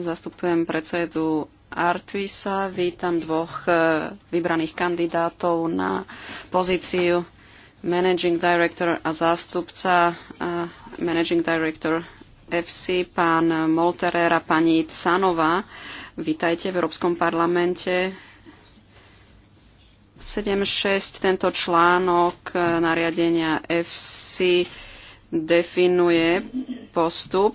Zastupujem predsedu Artvisa. Vítam dvoch e, vybraných kandidátov na pozíciu Managing Director a zástupca e, Managing Director FC, pán Molterer a pani Canova. Vítajte v Európskom parlamente. 7.6. Tento článok e, nariadenia FC definuje postup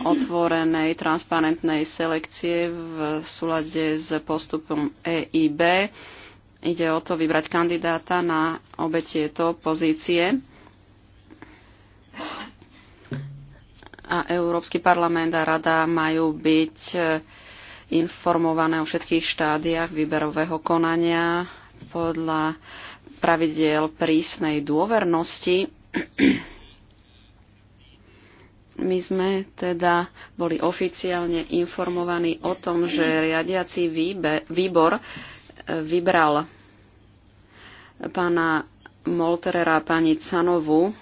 otvorenej, transparentnej selekcie v súlade s postupom EIB. Ide o to vybrať kandidáta na obe tieto pozície. A Európsky parlament a Rada majú byť e, informované o všetkých štádiách výberového konania podľa pravidiel prísnej dôvernosti my sme teda boli oficiálne informovaní o tom, že riadiaci výbe, výbor e, vybral pána Molterera a pani Canovu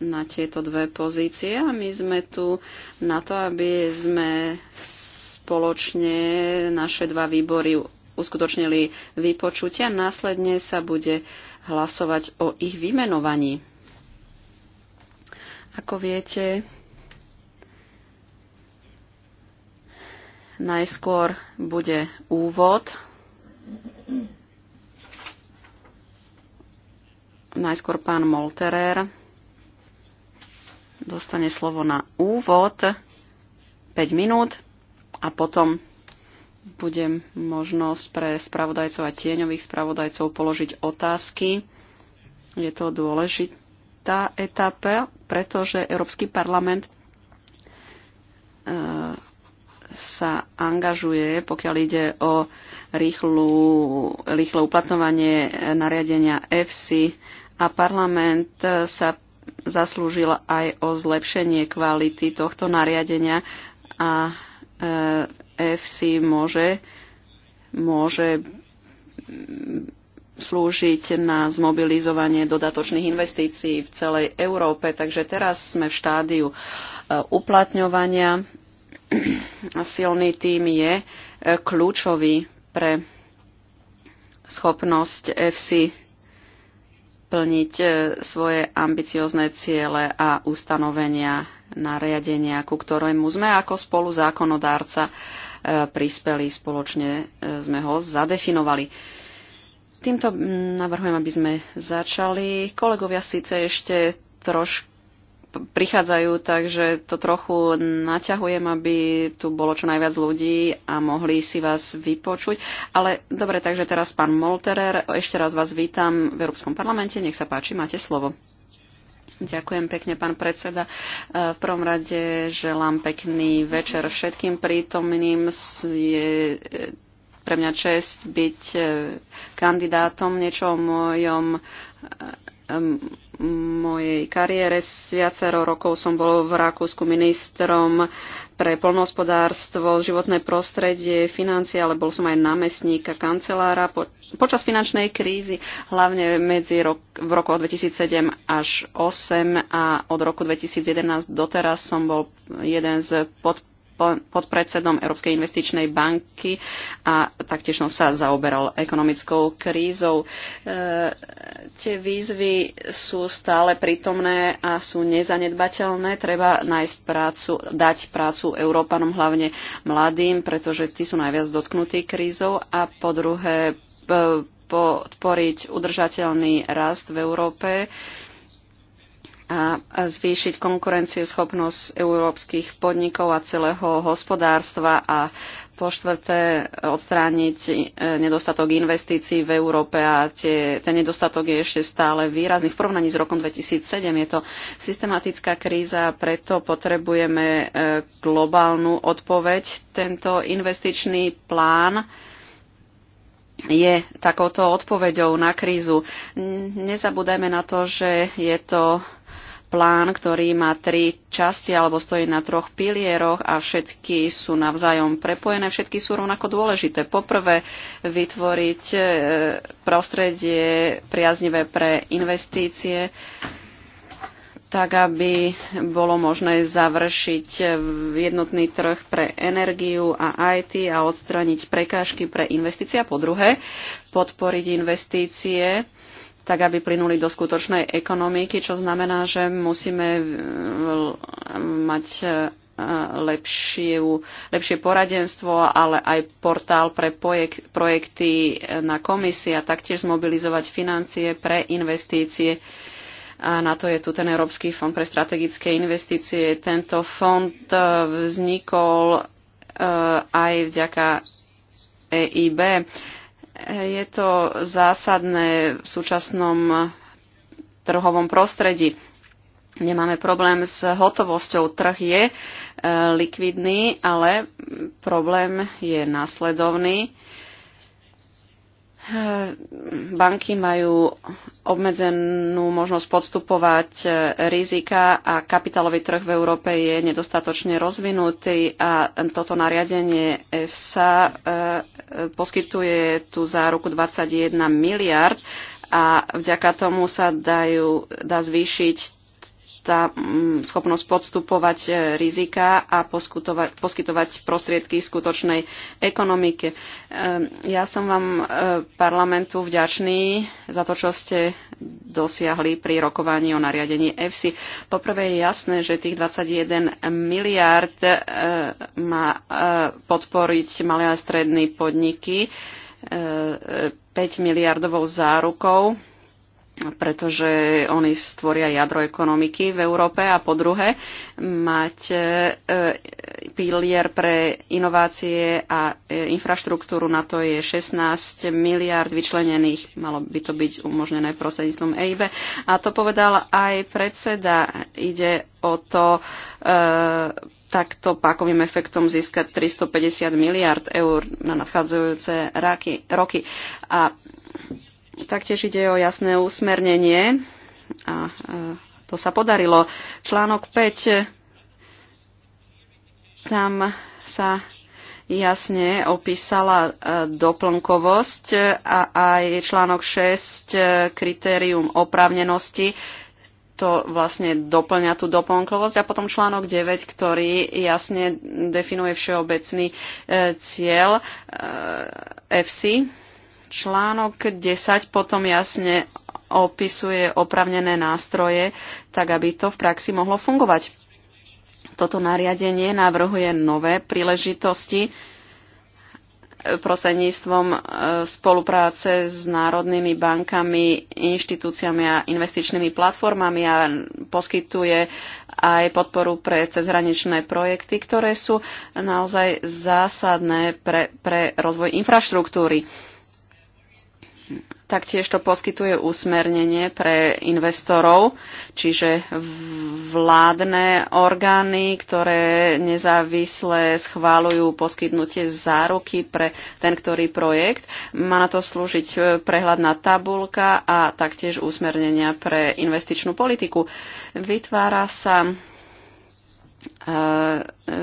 na tieto dve pozície a my sme tu na to, aby sme spoločne naše dva výbory uskutočnili vypočutia. Následne sa bude hlasovať o ich vymenovaní. Ako viete, Najskôr bude úvod. Najskôr pán Molterer dostane slovo na úvod 5 minút a potom bude možnosť pre spravodajcov a tieňových spravodajcov položiť otázky. Je to dôležitá etapa, pretože Európsky parlament sa angažuje, pokiaľ ide o rýchlu, rýchle uplatňovanie nariadenia EFSI a parlament sa zaslúžil aj o zlepšenie kvality tohto nariadenia a EFSI môže, môže slúžiť na zmobilizovanie dodatočných investícií v celej Európe. Takže teraz sme v štádiu e, uplatňovania silný tým je e, kľúčový pre schopnosť FC plniť e, svoje ambiciozne ciele a ustanovenia nariadenia, ku ktorému sme ako spolu zákonodárca e, prispeli, spoločne sme ho zadefinovali. Týmto navrhujem, aby sme začali. Kolegovia síce ešte trošku prichádzajú, takže to trochu naťahujem, aby tu bolo čo najviac ľudí a mohli si vás vypočuť. Ale dobre, takže teraz pán Molterer, ešte raz vás vítam v Európskom parlamente, nech sa páči, máte slovo. Ďakujem pekne, pán predseda. V prvom rade želám pekný večer všetkým prítomným. Je pre mňa čest byť kandidátom niečo o mojom mojej kariére. S viacero rokov som bol v Rakúsku ministrom pre polnohospodárstvo, životné prostredie, financie, ale bol som aj námestník a kancelára. Po, počas finančnej krízy, hlavne medzi rok, v roku 2007 až 2008 a od roku 2011 doteraz som bol jeden z podporov podpredsedom Európskej investičnej banky a taktiež som sa zaoberal ekonomickou krízou. E, tie výzvy sú stále prítomné a sú nezanedbateľné. Treba nájsť prácu, dať prácu Európanom, hlavne mladým, pretože tí sú najviac dotknutí krízou a po druhé podporiť udržateľný rast v Európe a zvýšiť konkurencieschopnosť európskych podnikov a celého hospodárstva a po štvrté odstrániť e, nedostatok investícií v Európe a tie, ten nedostatok je ešte stále výrazný. V porovnaní s rokom 2007 je to systematická kríza preto potrebujeme e, globálnu odpoveď. Tento investičný plán je takouto odpoveďou na krízu. Nezabúdajme na to, že je to plán, ktorý má tri časti alebo stojí na troch pilieroch a všetky sú navzájom prepojené, všetky sú rovnako dôležité. Poprvé, vytvoriť e, prostredie priaznivé pre investície, tak aby bolo možné završiť jednotný trh pre energiu a IT a odstraniť prekážky pre investície. A po druhé, podporiť investície tak aby plynuli do skutočnej ekonomiky, čo znamená, že musíme e, mať e, lepšie, lepšie poradenstvo, ale aj portál pre projek- projekty e, na komisie a taktiež zmobilizovať financie pre investície. A na to je tu ten Európsky fond pre strategické investície. Tento fond vznikol aj vďaka EIB je to zásadné v súčasnom trhovom prostredí. Nemáme problém s hotovosťou. Trh je eh, likvidný, ale problém je následovný Eh, banky majú obmedzenú možnosť podstupovať eh, rizika a kapitálový trh v Európe je nedostatočne rozvinutý a toto nariadenie EFSA eh, poskytuje tú záruku 21 miliard a vďaka tomu sa dajú, dá zvýšiť tá mm, schopnosť podstupovať e, rizika a poskytovať prostriedky skutočnej ekonomike. E, ja som vám e, parlamentu vďačný za to, čo ste dosiahli pri rokovaní o nariadení EFSI. Poprvé je jasné, že tých 21 miliárd má podporiť malé a stredné podniky 5 miliardovou zárukou pretože oni stvoria jadro ekonomiky v Európe a po druhé mať e, pilier pre inovácie a e, infraštruktúru na to je 16 miliard vyčlenených, malo by to byť umožnené prostredníctvom EIB. A to povedal aj predseda, ide o to e, takto pákovým efektom získať 350 miliard eur na nadchádzajúce roky. A Taktiež ide o jasné usmernenie a e, to sa podarilo. Článok 5, tam sa jasne opísala e, doplnkovosť a aj článok 6, e, kritérium oprávnenosti, to vlastne doplňa tú doplnkovosť. A potom článok 9, ktorý jasne definuje všeobecný cieľ FC Článok 10 potom jasne opisuje opravnené nástroje, tak aby to v praxi mohlo fungovať. Toto nariadenie navrhuje nové príležitosti prosedníctvom e, spolupráce s národnými bankami, inštitúciami a investičnými platformami a poskytuje aj podporu pre cezhraničné projekty, ktoré sú naozaj zásadné pre, pre rozvoj infraštruktúry Taktiež to poskytuje usmernenie pre investorov, čiže vládne orgány, ktoré nezávisle schválujú poskytnutie záruky pre ten, ktorý projekt. Má na to slúžiť e, prehľadná tabulka a taktiež usmernenia pre investičnú politiku. Vytvára sa e, e,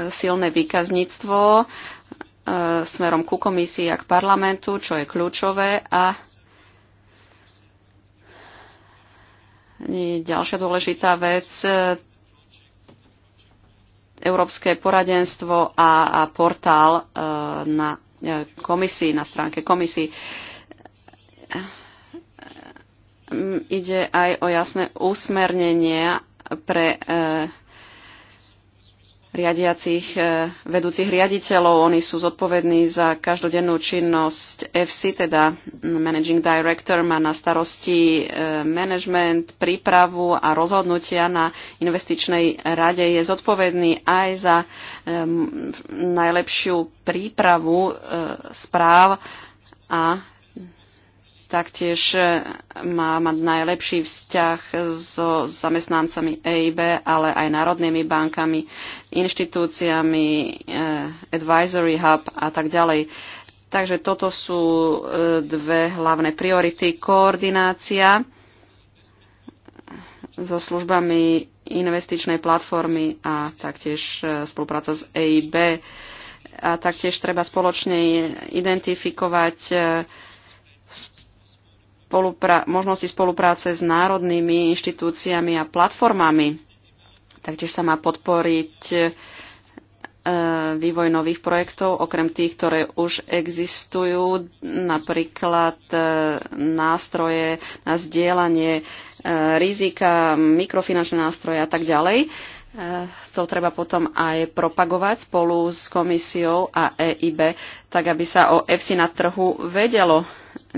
silné výkazníctvo E, smerom ku komisii a k parlamentu, čo je kľúčové a ďalšia dôležitá vec e, Európske poradenstvo a, a portál e, na komisii, na stránke komisii. Ide aj o jasné usmernenia pre e, riadiacich, e, vedúcich riaditeľov. Oni sú zodpovední za každodennú činnosť FC, teda Managing Director má na starosti e, management, prípravu a rozhodnutia na investičnej rade. Je zodpovedný aj za e, najlepšiu prípravu správ a taktiež e, má mať najlepší vzťah so zamestnancami EIB, ale aj národnými bankami, inštitúciami, e, advisory hub a tak ďalej. Takže toto sú e, dve hlavné priority. Koordinácia so službami investičnej platformy a taktiež spolupráca s EIB. A taktiež treba spoločne identifikovať spolupra- možnosti spolupráce s národnými inštitúciami a platformami. Taktiež sa má podporiť e, vývoj nových projektov, okrem tých, ktoré už existujú, napríklad e, nástroje na zdieľanie e, rizika, mikrofinančné nástroje a tak ďalej. To treba potom aj propagovať spolu s komisiou a EIB, tak aby sa o EFSI na trhu vedelo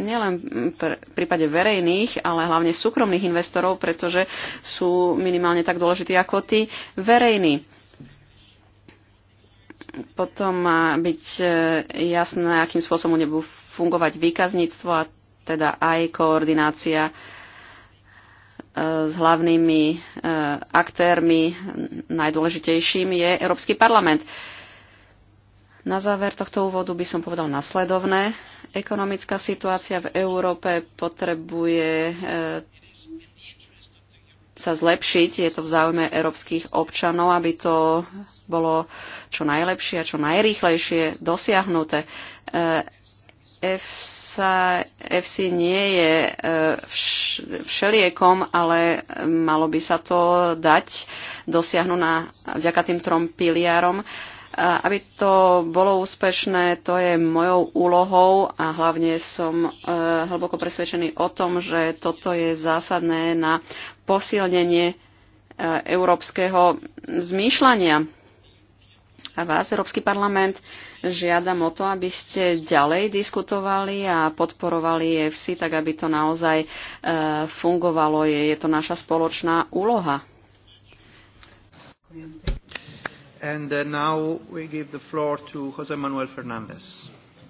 nielen v prípade verejných, ale hlavne súkromných investorov, pretože sú minimálne tak dôležití ako tí verejní. Potom má byť e, jasné, akým spôsobom nebú fungovať výkazníctvo a teda aj koordinácia e, s hlavnými e, aktérmi, najdôležitejším je Európsky parlament. Na záver tohto úvodu by som povedal nasledovné. Ekonomická situácia v Európe potrebuje e, sa zlepšiť. Je to v záujme európskych občanov, aby to bolo čo najlepšie a čo najrýchlejšie dosiahnuté. EFSA, EFSI nie je e, všeliekom, ale malo by sa to dať dosiahnuť na, vďaka tým trom piliarom. Aby to bolo úspešné, to je mojou úlohou a hlavne som e, hlboko presvedčený o tom, že toto je zásadné na posilnenie e, európskeho zmýšľania. A vás, Európsky parlament, žiadam o to, aby ste ďalej diskutovali a podporovali EFC, tak aby to naozaj e, fungovalo. Je, je to naša spoločná úloha. Ďakujem. And uh, now we give the floor to Jose Manuel Fernandez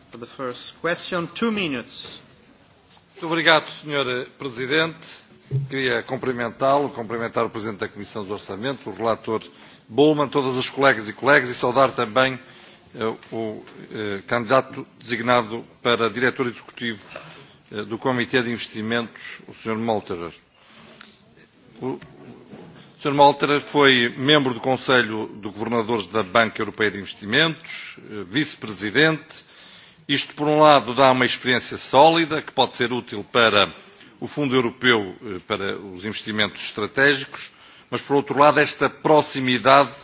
for the first question. Two minutes. Muito obrigado, Sr. Presidente. Queria cumprimentá-lo, cumprimentar o Presidente da Comissão dos Orçamentos, o relator Bullman, todas as colegas e colegas e saudar também uh, o uh, candidato designado para diretor executivo eh, do Comitê de Investimentos, o Sr. Molterer. O Sr. Malter foi membro do Conselho de Governadores da Banca Europeia de Investimentos, eh, vice-presidente. Isto, por um lado, dá uma experiência sólida que pode ser útil para o Fundo Europeu eh, para os Investimentos Estratégicos, mas, por outro lado, esta proximidade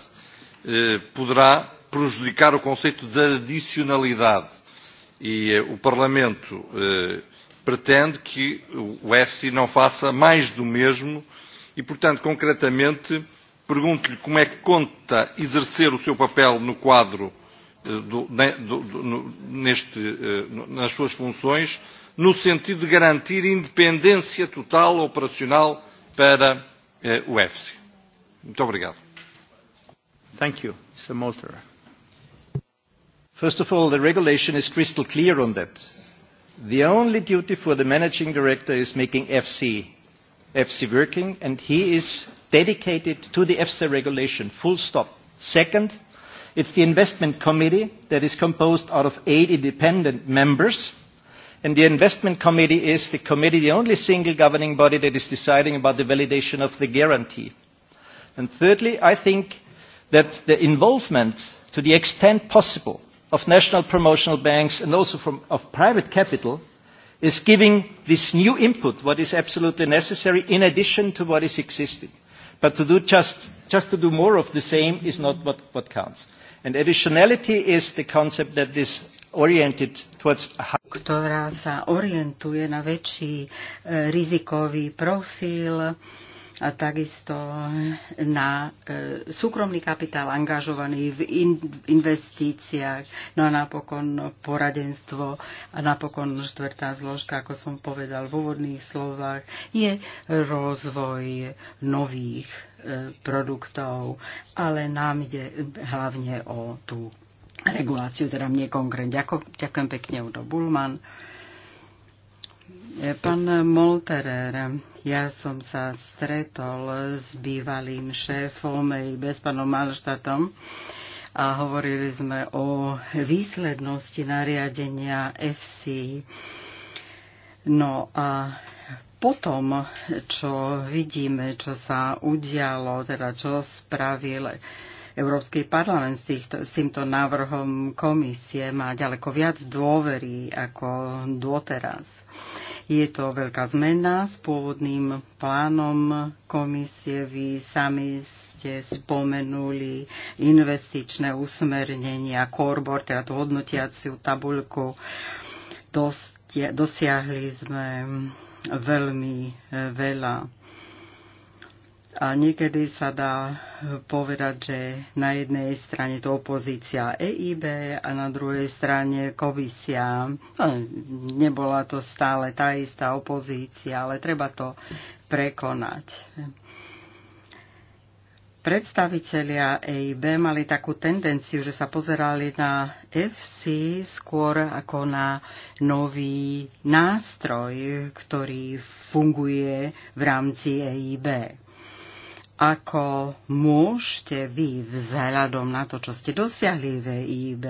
eh, poderá prejudicar o conceito de adicionalidade. E o Parlamento pretende que o EFSI não faça mais do mesmo e, portanto, concretamente, pergunto-lhe como é que conta exercer o seu papel no quadro eh, do, do, do, no, do, neste, eh, nas suas funções, no sentido de garantir independência total operacional para eh, o EFSI. Muito obrigado. Thank you, Mr. Molter. First of all, the regulation is crystal clear on that. The only duty for the managing director is making EFSI EFSI working, and he is dedicated to the EFSA regulation, full stop. Second, it's the investment committee that is composed out of eight independent members. And the investment committee is the committee, the only single governing body that is deciding about the validation of the guarantee. And thirdly, I think that the involvement to the extent possible of national promotional banks and also from, of private capital – is giving this new input, what is absolutely necessary, in addition to what is existing. But to do just, just to do more of the same is not what, what counts. And additionality is the concept that is oriented towards ktorá sa orientuje na väčší eh, rizikový profil, a takisto na e, súkromný kapitál angažovaný v investíciách, no a napokon poradenstvo a napokon štvrtá zložka, ako som povedal v úvodných slovách, je rozvoj nových e, produktov, ale nám ide hlavne o tú reguláciu, teda mne konkrétne. Ďakujem pekne, Udo Bulman. E, pán Molterer, ja som sa stretol s bývalým šéfom bez pánom Malštatom a hovorili sme o výslednosti nariadenia FC. No a potom, čo vidíme, čo sa udialo, teda čo spravil Európsky parlament s, týchto, s týmto návrhom komisie, má ďaleko viac dôvery ako doteraz. Je to veľká zmena s pôvodným plánom komisie. Vy sami ste spomenuli investičné usmernenia, korbor, teda tú hodnotiaciu tabuľku. Dosiahli sme veľmi eh, veľa a niekedy sa dá eh, povedať, že na jednej strane to opozícia EIB a na druhej strane komisia. No, nebola to stále tá istá opozícia, ale treba to prekonať. Predstavitelia EIB mali takú tendenciu, že sa pozerali na FC skôr ako na nový nástroj, ktorý funguje v rámci EIB ako môžete vy vzhľadom na to, čo ste dosiahli v EIB,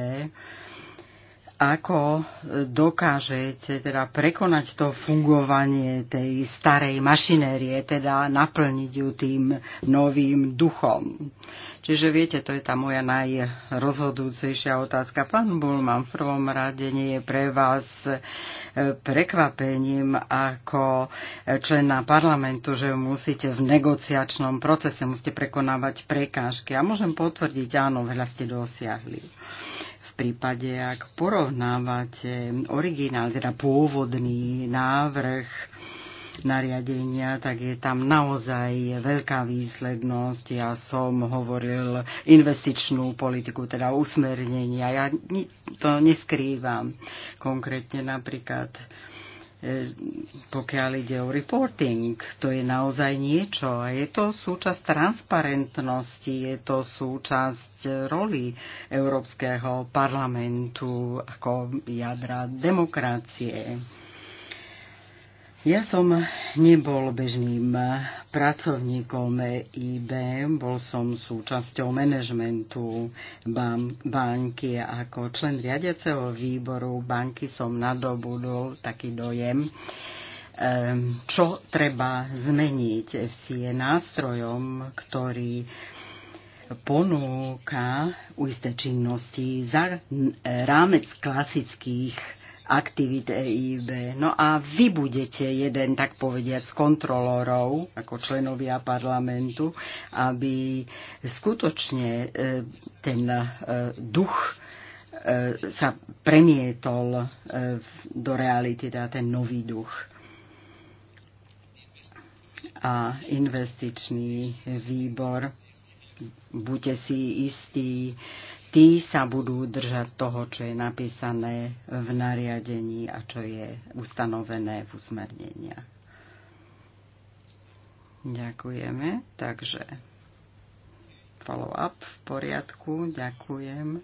ako dokážete teda prekonať to fungovanie tej starej mašinérie, teda naplniť ju tým novým duchom. Čiže viete, to je tá moja najrozhodujúcejšia otázka. Pán Bulman, v prvom rade nie je pre vás e, prekvapením ako e, člena parlamentu, že musíte v negociačnom procese musíte prekonávať prekážky. A môžem potvrdiť, áno, veľa ste dosiahli prípade, ak porovnávate originál, teda pôvodný návrh nariadenia, tak je tam naozaj veľká výslednosť. Ja som hovoril investičnú politiku, teda usmernenia. Ja to neskrývam. Konkrétne napríklad E, pokiaľ ide o reporting, to je naozaj niečo a je to súčasť transparentnosti, je to súčasť roli Európskeho parlamentu ako jadra demokracie. Ja som nebol bežným pracovníkom e IB, bol som súčasťou manažmentu banky ako člen riadiaceho výboru banky som nadobudol taký dojem, čo treba zmeniť. FC je nástrojom, ktorý ponúka isté činnosti za rámec klasických aktivít EIB. No a vy budete jeden, tak povediať, z kontrolorov ako členovia parlamentu, aby skutočne e, ten e, duch e, sa premietol do reality, teda ten nový duch a investičný výbor. Buďte si istí, tí sa budú držať toho, čo je napísané v nariadení a čo je ustanovené v usmernenia. Ďakujeme. Takže follow-up v poriadku. Ďakujem.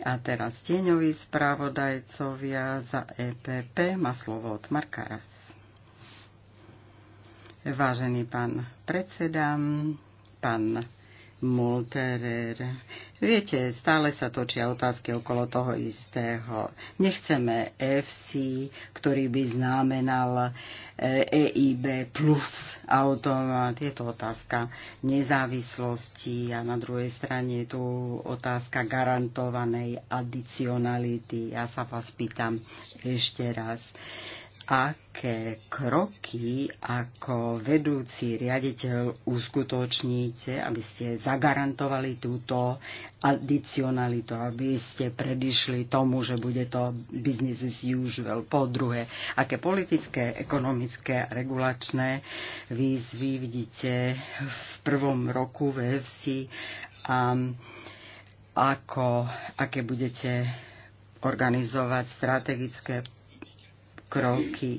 A teraz tieňoví správodajcovia za EPP má slovo od Markaras. Vážený pán predseda, pán Molterer, Viete, stále sa točia otázky okolo toho istého. Nechceme FC, ktorý by znamenal EIB e plus automat. Je to otázka nezávislosti a na druhej strane je tu otázka garantovanej adicionality. Ja sa vás pýtam ešte raz aké kroky ako vedúci riaditeľ uskutočníte, aby ste zagarantovali túto adicionalitu, aby ste predišli tomu, že bude to business as usual. Po druhé, aké politické, ekonomické a regulačné výzvy vidíte v prvom roku VFC a ako, aké budete organizovať strategické kroky.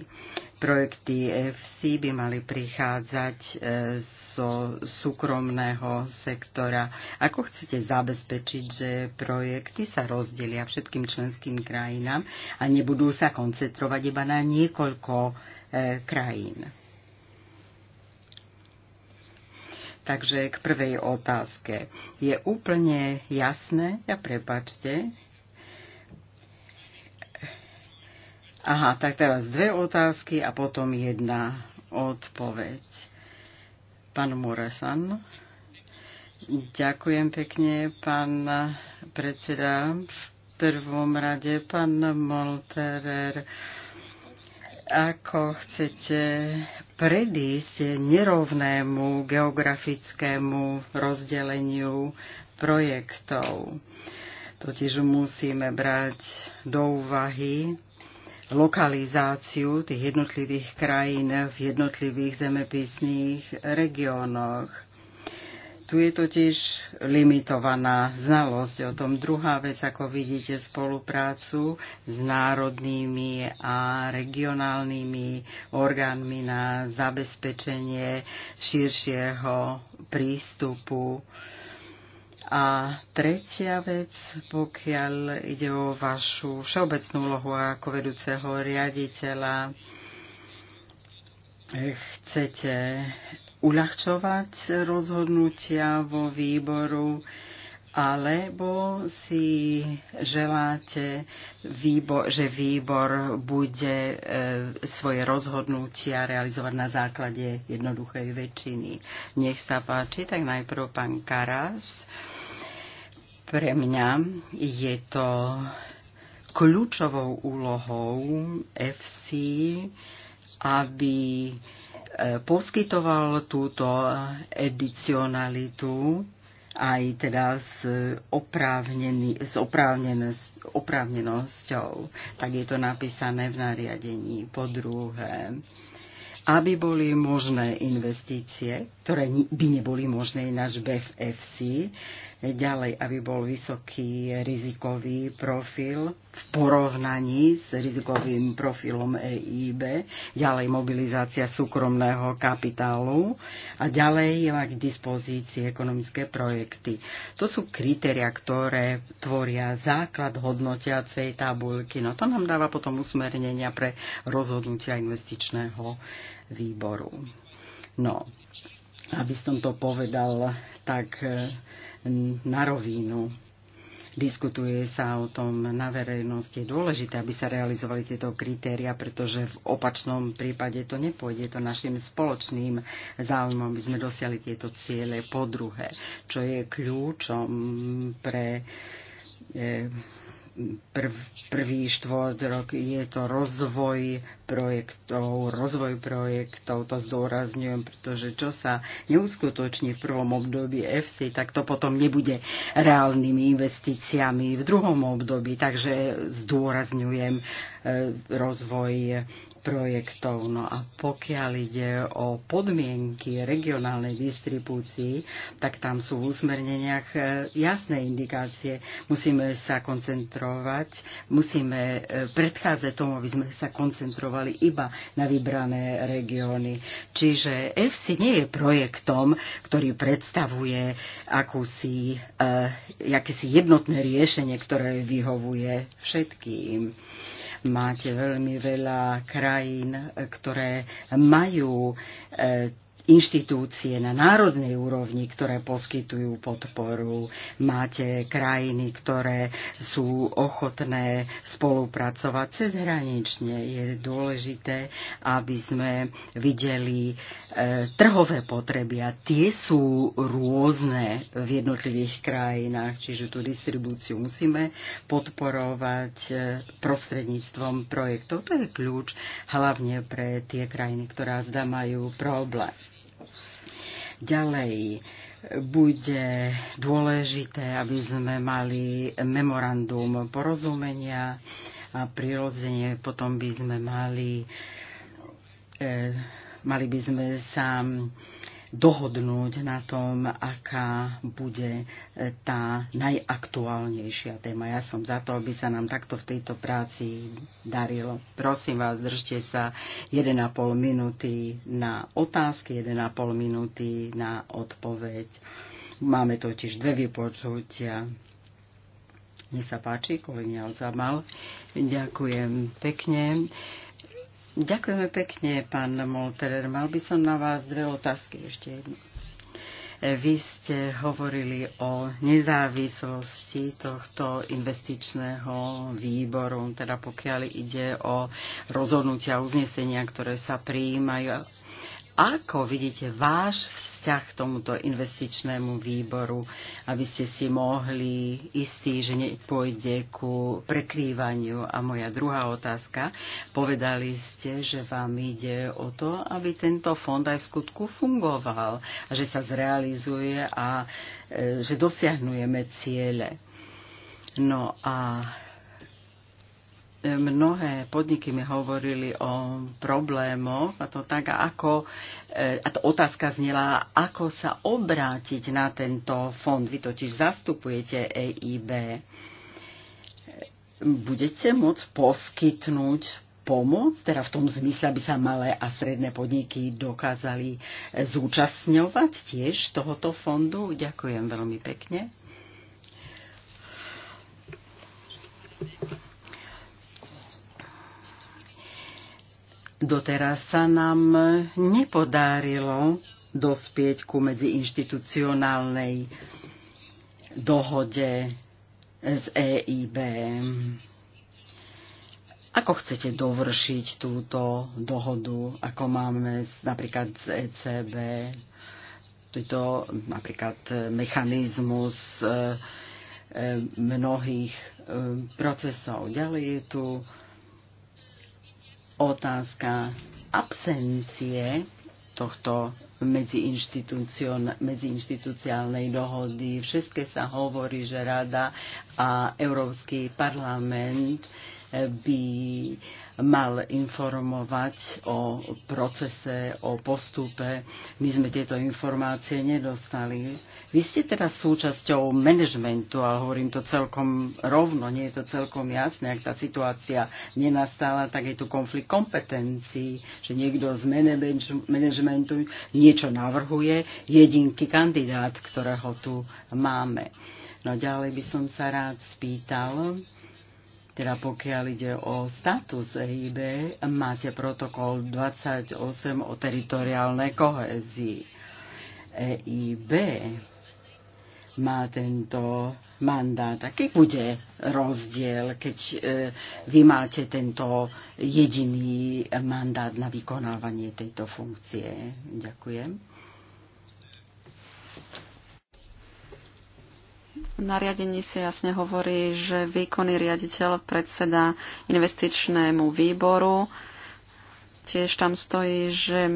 Projekty EFC by mali prichádzať e, zo súkromného sektora. Ako chcete zabezpečiť, že projekty sa rozdelia všetkým členským krajinám a nebudú sa koncentrovať iba na niekoľko e, krajín? Takže k prvej otázke. Je úplne jasné, ja prepačte, Aha, tak teraz dve otázky a potom jedna odpoveď. Pán Muresan. Ďakujem pekne, pán predseda. V prvom rade, pán Molterer, ako chcete predísť nerovnému geografickému rozdeleniu projektov. Totiž musíme brať do úvahy lokalizáciu tých jednotlivých krajín v jednotlivých zemepisných regiónoch. Tu je totiž limitovaná znalosť o tom. Druhá vec, ako vidíte, spoluprácu s národnými a regionálnymi orgánmi na zabezpečenie širšieho prístupu a tretia vec, pokiaľ ide o vašu všeobecnú úlohu ako vedúceho riaditeľa, eh, chcete uľahčovať rozhodnutia vo výboru, alebo si želáte, výbor, že výbor bude eh, svoje rozhodnutia realizovať na základe jednoduchej väčšiny. Nech sa páči, tak najprv pán Karas. Pre mňa je to kľúčovou úlohou FC, aby e, poskytoval túto edicionalitu aj teda s, s, oprávnenosťou. Tak je to napísané v nariadení. Po druhé, aby boli možné investície, ktoré by neboli možné ináč v FC, ďalej, aby bol vysoký rizikový profil v porovnaní s rizikovým profilom EIB, ďalej mobilizácia súkromného kapitálu a ďalej je mať k dispozícii ekonomické projekty. To sú kritéria, ktoré tvoria základ hodnotiacej tabulky. No to nám dáva potom usmernenia pre rozhodnutia investičného výboru. No, aby som to povedal tak eh, na rovinu. Diskutuje sa o tom na verejnosti. Je dôležité, aby sa realizovali tieto kritéria, pretože v opačnom prípade to nepôjde. To našim spoločným záujmom by sme dosiahli tieto ciele po druhé, čo je kľúčom pre eh, prv, prvý štvrt rok je to rozvoj projektov, rozvoj projektov, to zdôrazňujem, pretože čo sa neuskutoční v prvom období FC, tak to potom nebude reálnymi investíciami v druhom období. Takže zdôrazňujem rozvoj projektov. No a pokiaľ ide o podmienky regionálnej distribúcii, tak tam sú v úsmerneniach e, jasné indikácie. Musíme sa koncentrovať, musíme e, predchádzať tomu, aby sme sa koncentrovali iba na vybrané regióny. Čiže EFSI nie je projektom, ktorý predstavuje akúsi, e, akési jednotné riešenie, ktoré vyhovuje všetkým. Máte veľmi veľa krajín, ktoré majú e, inštitúcie na národnej úrovni, ktoré poskytujú podporu. Máte krajiny, ktoré sú ochotné spolupracovať cezhranične. Je dôležité, aby sme videli e, trhové potreby a tie sú rôzne v jednotlivých krajinách, čiže tú distribúciu musíme podporovať e, prostredníctvom projektov. To je kľúč hlavne pre tie krajiny, ktoré zda majú problém. Ďalej bude dôležité, aby sme mali memorandum porozumenia a prirodzene potom by sme mali, e, mali by sme sa dohodnúť na tom, aká bude e, tá najaktuálnejšia téma. Ja som za to, aby sa nám takto v tejto práci darilo. Prosím vás, držte sa 1,5 minúty na otázky, 1,5 minúty na odpoveď. Máme totiž dve vypočutia. Nech sa páči, kolegyňa Alzamal. Ďakujem pekne. Ďakujeme pekne, pán Molterer. Mal by som na vás dve otázky, ešte jednu. E, vy ste hovorili o nezávislosti tohto investičného výboru, teda pokiaľ ide o rozhodnutia, uznesenia, ktoré sa prijímajú ako vidíte váš vzťah k tomuto investičnému výboru, aby ste si mohli istý, že nepôjde ku prekrývaniu? A moja druhá otázka, povedali ste, že vám ide o to, aby tento fond aj v skutku fungoval a že sa zrealizuje a e, že dosiahnujeme ciele. No a mnohé podniky mi hovorili o problémoch a to tak, ako, e, a to otázka znela, ako sa obrátiť na tento fond. Vy totiž zastupujete EIB. Budete môcť poskytnúť pomoc, teda v tom zmysle, aby sa malé a stredné podniky dokázali zúčastňovať tiež tohoto fondu. Ďakujem veľmi pekne. Doteraz sa nám nepodarilo dospieť ku medziinstitucionálnej dohode z EIB. Ako chcete dovršiť túto dohodu, ako máme napríklad z ECB, tento napríklad mechanizmus e, e, mnohých e, procesov. Ďalej je tu otázka absencie tohto medziinstitúciálnej dohody. Všetké sa hovorí, že Rada a Európsky parlament by mal informovať o procese, o postupe. My sme tieto informácie nedostali. Vy ste teraz súčasťou manažmentu a hovorím to celkom rovno, nie je to celkom jasné, ak tá situácia nenastala, tak je tu konflikt kompetencií, že niekto z manažmentu niečo navrhuje, jedinky kandidát, ktorého tu máme. No ďalej by som sa rád spýtal, teda pokiaľ ide o status EIB, máte protokol 28 o teritoriálnej kohezii. EIB má tento mandát. Aký bude rozdiel, keď e, vy máte tento jediný mandát na vykonávanie tejto funkcie? Ďakujem. nariadení sa jasne hovorí, že výkonný riaditeľ predseda investičnému výboru. Tiež tam stojí, že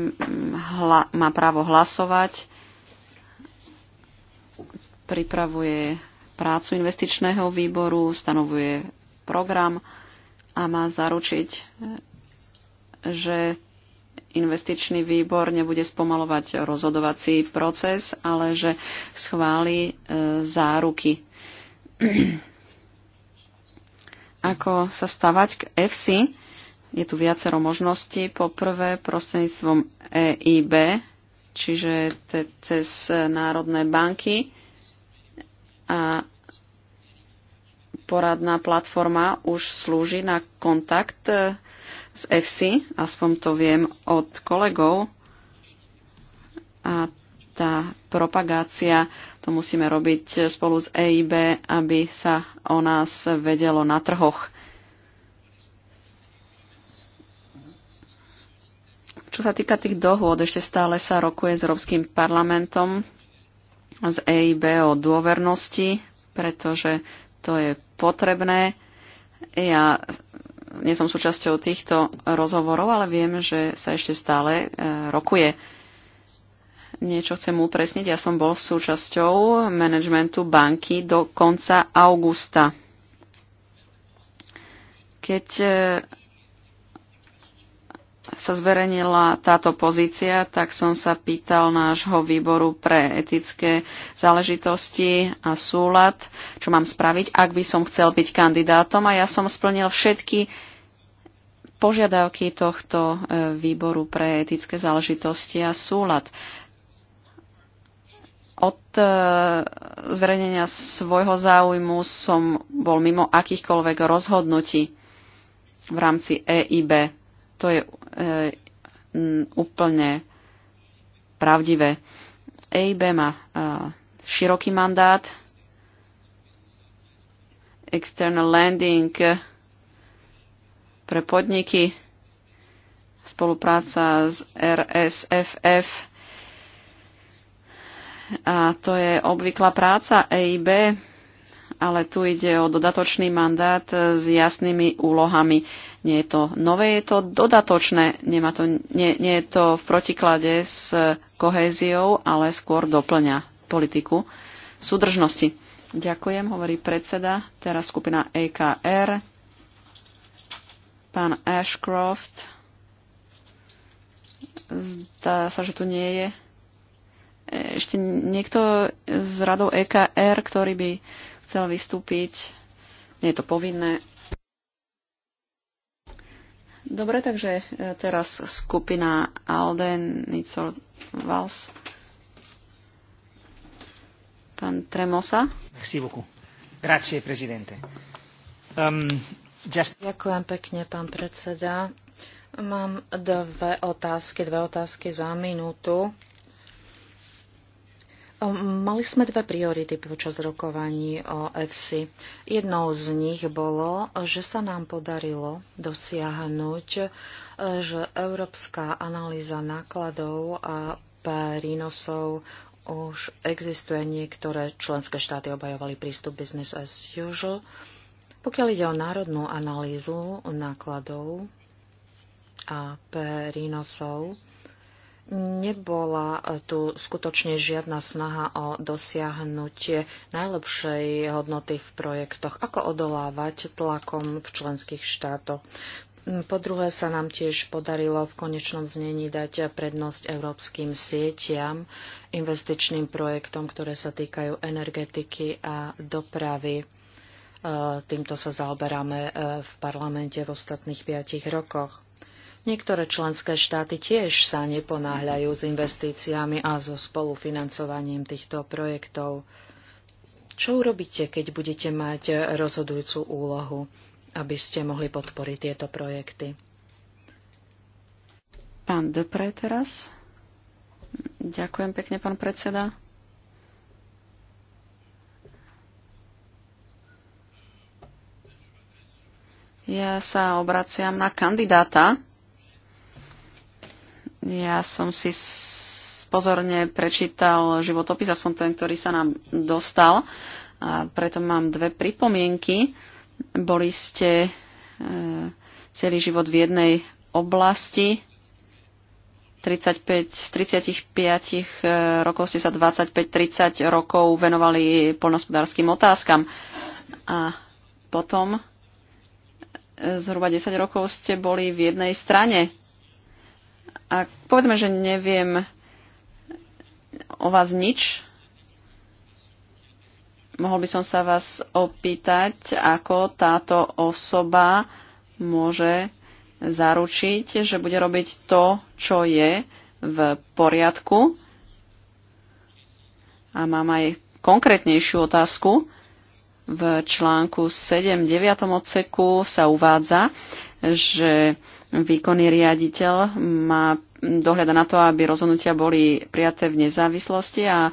má právo hlasovať, pripravuje prácu investičného výboru, stanovuje program a má zaručiť, že investičný výbor nebude spomalovať rozhodovací proces, ale že schváli e, záruky. Ako sa stavať k EFSI? Je tu viacero možností. Poprvé prostredníctvom EIB, čiže cez národné banky a poradná platforma už slúži na kontakt e, s FC, aspoň to viem od kolegov. A tá propagácia, to musíme robiť spolu s EIB, aby sa o nás vedelo na trhoch. Čo sa týka tých dohôd, ešte stále sa rokuje s Európskym parlamentom z EIB o dôvernosti, pretože to je potrebné. Ja nie som súčasťou týchto rozhovorov, ale viem, že sa ešte stále e, rokuje. Niečo chcem upresniť. Ja som bol súčasťou manažmentu banky do konca augusta. Keď e, sa zverejnila táto pozícia, tak som sa pýtal nášho výboru pre etické záležitosti a súlad, čo mám spraviť, ak by som chcel byť kandidátom a ja som splnil všetky požiadavky tohto e, výboru pre etické záležitosti a súlad od e, zverejnenia svojho záujmu som bol mimo akýchkoľvek rozhodnutí v rámci EIB. To je e, úplne pravdivé. EIB má e, široký mandát, external lending e, pre podniky, spolupráca s RSFF, a to je obvyklá práca EIB, ale tu ide o dodatočný mandát s jasnými úlohami. Nie je to nové, je to dodatočné, Nemá to, nie, nie je to v protiklade s kohéziou, ale skôr doplňa politiku súdržnosti. Ďakujem, hovorí predseda, teraz skupina EKR, pán Ashcroft. Zdá sa, že tu nie je ešte niekto z radou EKR, ktorý by chcel vystúpiť. Nie je to povinné. Dobre, takže e, teraz skupina Alden, Nicol Vals. Pán Tremosa. Grazie, prezidente. Um, just... Ďakujem pekne, pán predseda. Mám dve otázky, dve otázky za minútu. Ehm, mali sme dve priority počas rokovaní o EFSI. Jednou z nich bolo, že sa nám podarilo dosiahnuť, eh, že európska analýza nákladov a prínosov už existuje. Niektoré členské štáty obajovali prístup business as usual. Pokiaľ ide o národnú analýzu nákladov a prínosov, Nebola e, tu skutočne žiadna snaha o dosiahnutie najlepšej hodnoty v projektoch. Ako odolávať tlakom v členských štátoch? Mm, po druhé sa nám tiež podarilo v konečnom znení dať prednosť európskym sieťam, investičným projektom, ktoré sa týkajú energetiky a dopravy. E, týmto sa zaoberáme e, v parlamente v ostatných piatich rokoch. Niektoré členské štáty tiež sa neponáhľajú s investíciami a so spolufinancovaním týchto projektov. Čo urobíte, keď budete mať rozhodujúcu úlohu, aby ste mohli podporiť tieto projekty? Pán Depre teraz. Ďakujem pekne, pán predseda. Ja sa obraciam na kandidáta ja som si pozorne prečítal životopis, aspoň ten, ktorý sa nám dostal. A preto mám dve pripomienky. Boli ste e, celý život v jednej oblasti. 35, z 35 rokov ste sa 25-30 rokov venovali polnospodárským otázkam. A potom e, zhruba 10 rokov ste boli v jednej strane a povedzme, že neviem o vás nič, mohol by som sa vás opýtať, ako táto osoba môže zaručiť, že bude robiť to, čo je v poriadku. A mám aj konkrétnejšiu otázku. V článku 79 odseku sa uvádza, že Výkonný riaditeľ má dohľada na to, aby rozhodnutia boli prijaté v nezávislosti a e,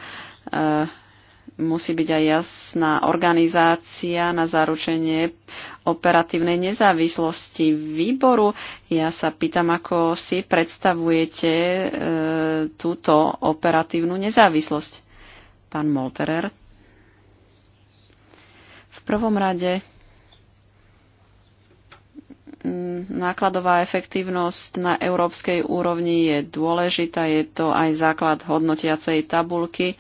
musí byť aj jasná organizácia na zaručenie operatívnej nezávislosti výboru. Ja sa pýtam, ako si predstavujete e, túto operatívnu nezávislosť. Pán Molterer. V prvom rade Mm, nákladová efektívnosť na európskej úrovni je dôležitá. Je to aj základ hodnotiacej tabulky,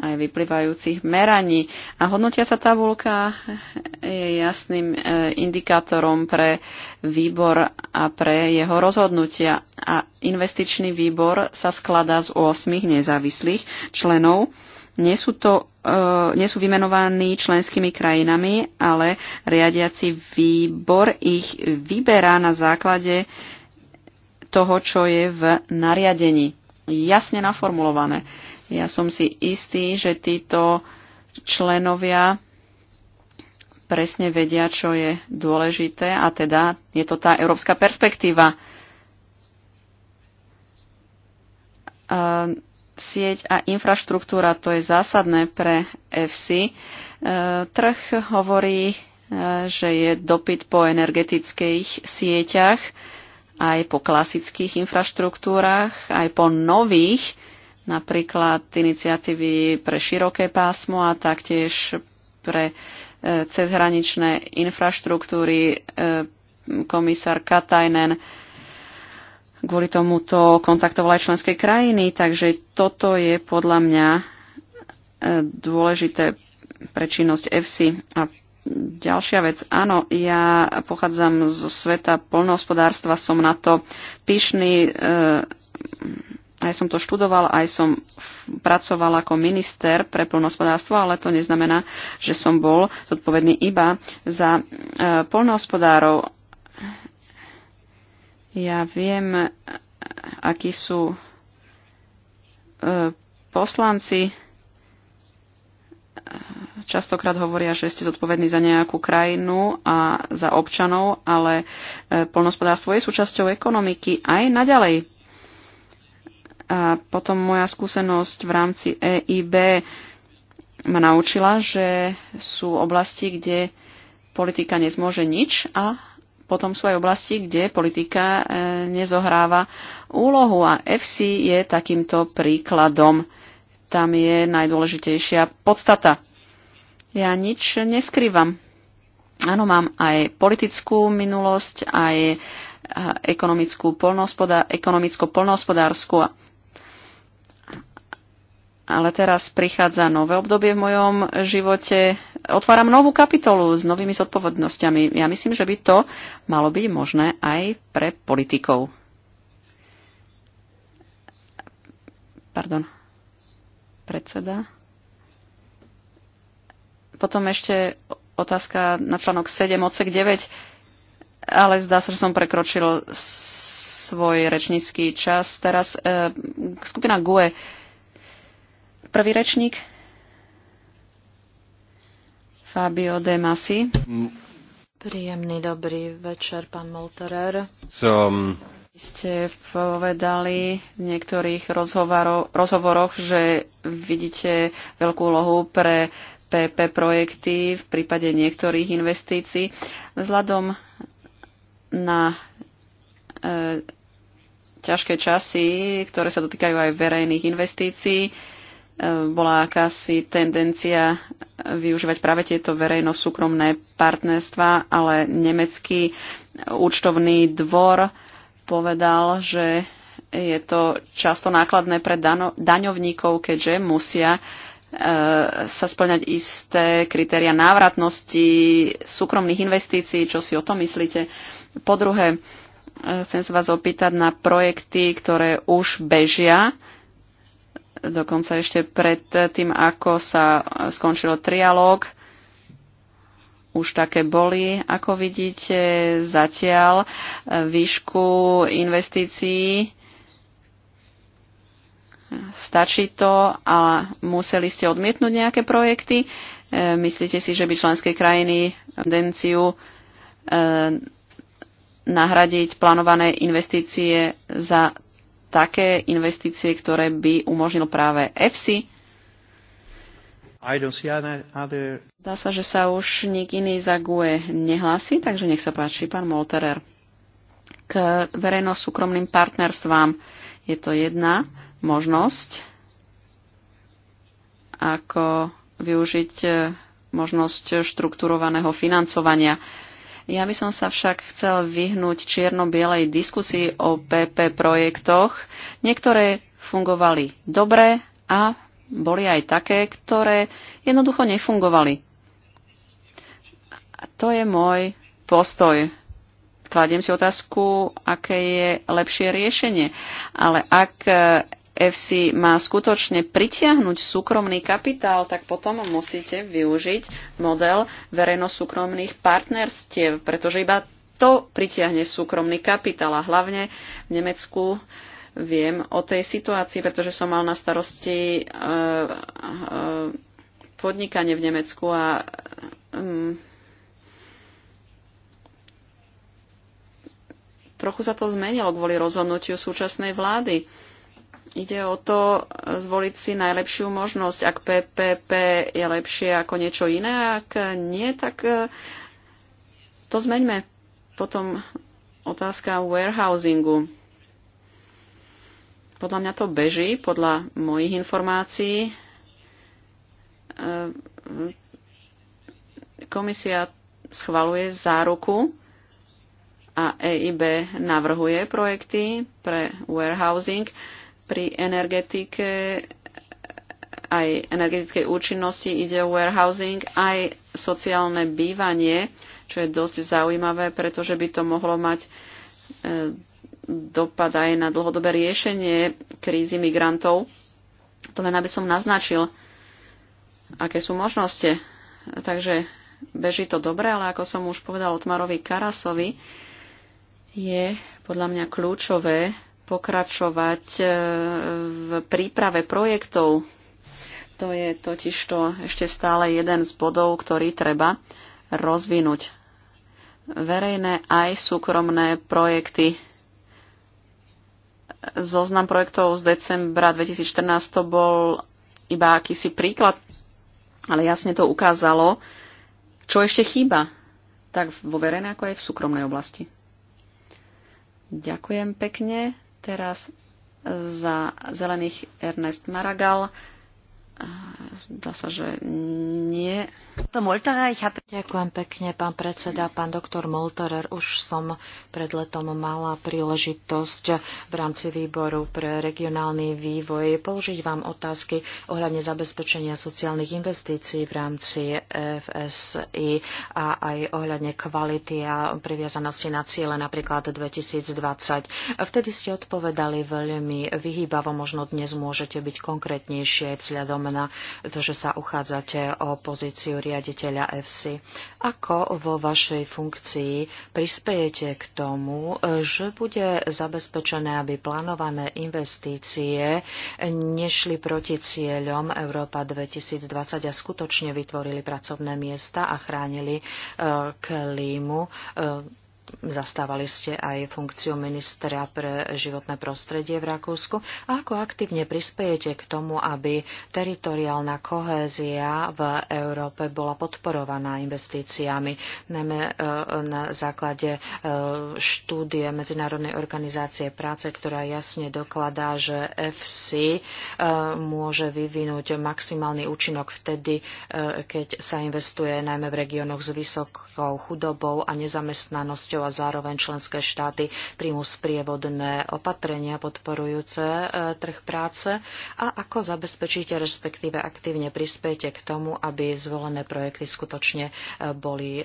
aj vyplývajúcich meraní. A hodnotiaca tabulka je jasným e, indikátorom pre výbor a pre jeho rozhodnutia. A investičný výbor sa skladá z 8 nezávislých členov nie sú, to, e, nie sú vymenovaní členskými krajinami, ale riadiaci výbor ich vyberá na základe toho, čo je v nariadení. Jasne naformulované. Ja som si istý, že títo členovia presne vedia, čo je dôležité a teda je to tá európska perspektíva. E, sieť a infraštruktúra, to je zásadné pre FC. E, trh hovorí, e, že je dopyt po energetických sieťach, aj po klasických infraštruktúrach, aj po nových, napríklad iniciatívy pre široké pásmo a taktiež pre e, cezhraničné infraštruktúry komisár Katajnen kvôli tomuto kontaktovala aj členské krajiny, takže toto je podľa mňa e, dôležité pre činnosť EFSI. A ďalšia vec, áno, ja pochádzam zo sveta polnohospodárstva, som na to pyšný, e, aj som to študoval, aj som pracoval ako minister pre polnohospodárstvo, ale to neznamená, že som bol zodpovedný iba za e, polnohospodárov ja viem, akí sú e, poslanci. Častokrát hovoria, že ste zodpovední za nejakú krajinu a za občanov, ale e, polnospodárstvo je súčasťou ekonomiky aj naďalej. A potom moja skúsenosť v rámci EIB ma naučila, že sú oblasti, kde politika nezmôže nič a potom sú aj oblasti, kde politika e, nezohráva úlohu a FC je takýmto príkladom. Tam je najdôležitejšia podstata. Ja nič neskrývam. Áno, mám aj politickú minulosť, aj e, ekonomickú ekonomicko-polnohospodárskú. Ale teraz prichádza nové obdobie v mojom živote. Otváram novú kapitolu s novými zodpovednosťami. Ja myslím, že by to malo byť možné aj pre politikov. Pardon. Predseda. Potom ešte otázka na článok 7, odsek 9. Ale zdá sa, že som prekročil svoj rečnícky čas. Teraz e, skupina GUE Prvý rečník. Fabio De Masi. Príjemný dobrý večer, pán Molterer. Som... Um, ste povedali v niektorých rozhovoroch, že vidíte veľkú lohu pre PP projekty v prípade niektorých investícií. Vzhľadom na e, ťažké časy, ktoré sa dotýkajú aj verejných investícií, e, bola akási tendencia využívať práve tieto verejno-súkromné partnerstva, ale nemecký účtovný dvor povedal, že je to často nákladné pre daňovníkov, keďže musia e, sa splňať isté kritéria návratnosti súkromných investícií. Čo si o tom myslíte? Po druhé, e, chcem sa vás opýtať na projekty, ktoré už bežia dokonca ešte pred tým, ako sa skončilo trialóg, už také boli, ako vidíte, zatiaľ výšku investícií. Stačí to a museli ste odmietnúť nejaké projekty. E, myslíte si, že by členské krajiny tendenciu e, nahradiť plánované investície za také investície, ktoré by umožnil práve EFSI. Other... Dá sa, že sa už nik iný za GUE nehlási, takže nech sa páči, pán Molterer. K verejno-súkromným partnerstvám je to jedna možnosť, ako využiť eh, možnosť štrukturovaného financovania. Ja by som sa však chcel vyhnúť čierno-bielej diskusii o PP projektoch. Niektoré fungovali dobre a boli aj také, ktoré jednoducho nefungovali. A to je môj postoj. Kladiem si otázku, aké je lepšie riešenie. Ale ak FC má skutočne pritiahnuť súkromný kapitál, tak potom musíte využiť model verejno-súkromných partnerstiev, pretože iba to pritiahne súkromný kapitál a hlavne v Nemecku viem o tej situácii, pretože som mal na starosti eh, eh, podnikanie v Nemecku a mm, trochu sa to zmenilo kvôli rozhodnutiu súčasnej vlády. Ide o to zvoliť si najlepšiu možnosť. Ak PPP je lepšie ako niečo iné, ak nie, tak e, to zmeňme. Potom otázka warehousingu. Podľa mňa to beží, podľa mojich informácií. E, komisia schvaluje záruku a EIB navrhuje projekty pre warehousing pri energetike aj energetickej účinnosti ide o warehousing, aj sociálne bývanie, čo je dosť zaujímavé, pretože by to mohlo mať e, dopad aj na dlhodobé riešenie krízy migrantov. To len aby som naznačil, aké sú možnosti. Takže beží to dobre, ale ako som už povedal Otmarovi Karasovi, je podľa mňa kľúčové pokračovať e, v príprave projektov. To je totiž to ešte stále jeden z bodov, ktorý treba rozvinúť. Verejné aj súkromné projekty. Zoznam projektov z decembra 2014 to bol iba akýsi príklad, ale jasne to ukázalo, čo ešte chýba, tak vo verejnej ako aj v súkromnej oblasti. Ďakujem pekne. Teraz za zelených Ernest Maragal. Zdá sa, že nie. Ďakujem pekne, pán predseda. Pán doktor Molterer, už som pred letom mala príležitosť v rámci výboru pre regionálny vývoj položiť vám otázky ohľadne zabezpečenia sociálnych investícií v rámci FSI a aj ohľadne kvality a priviazanosti na ciele napríklad 2020. Vtedy ste odpovedali veľmi vyhýbavo, možno dnes môžete byť konkrétnejšie vzhľadom znamená to, že sa uchádzate o pozíciu riaditeľa FC. Ako vo vašej funkcii prispiejete k tomu, že bude zabezpečené, aby plánované investície nešli proti cieľom Európa 2020 a skutočne vytvorili pracovné miesta a chránili eh, klímu? Eh, Zastávali ste aj funkciu ministra pre životné prostredie v Rakúsku. A ako aktívne prispiejete k tomu, aby teritoriálna kohézia v Európe bola podporovaná investíciami, najmä e, na základe e, štúdie Medzinárodnej organizácie práce, ktorá jasne dokladá, že FC e, môže vyvinúť maximálny účinok vtedy, keď sa investuje najmä v regiónoch s vysokou chudobou a nezamestnanosťou a zároveň členské štáty príjmu sprievodné opatrenia podporujúce e, trh práce a ako zabezpečíte, respektíve aktívne prispiete k tomu, aby zvolené projekty skutočne e, boli e,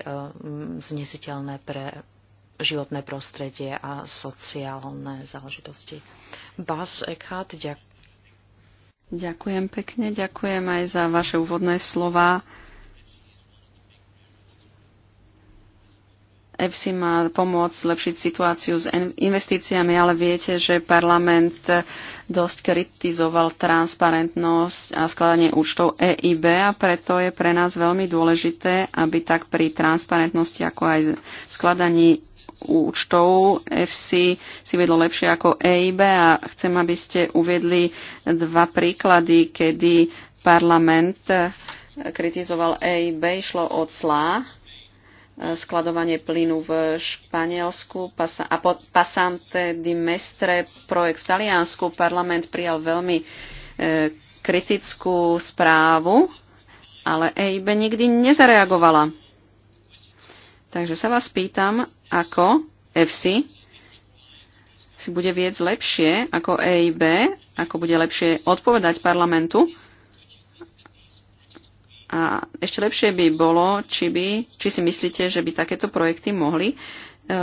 znesiteľné pre životné prostredie a sociálne záležitosti. Bas Eckhart, ďakujem. Ďakujem pekne, ďakujem aj za vaše úvodné slova. EFSI má pomôcť zlepšiť situáciu s investíciami, ale viete, že parlament eh, dosť kritizoval transparentnosť a skladanie účtov EIB a preto je pre nás veľmi dôležité, aby tak pri transparentnosti ako aj skladaní účtov FC si vedlo lepšie ako EIB a chcem, aby ste uviedli dva príklady, kedy parlament eh, kritizoval EIB, išlo o SLA skladovanie plynu v Španielsku a pod Passante di Mestre projekt v Taliansku. Parlament prijal veľmi e, kritickú správu, ale EIB nikdy nezareagovala. Takže sa vás pýtam, ako EFSI si bude viec lepšie ako EIB, ako bude lepšie odpovedať parlamentu a ešte lepšie by bolo, či, by, či si myslíte, že by takéto projekty mohli e,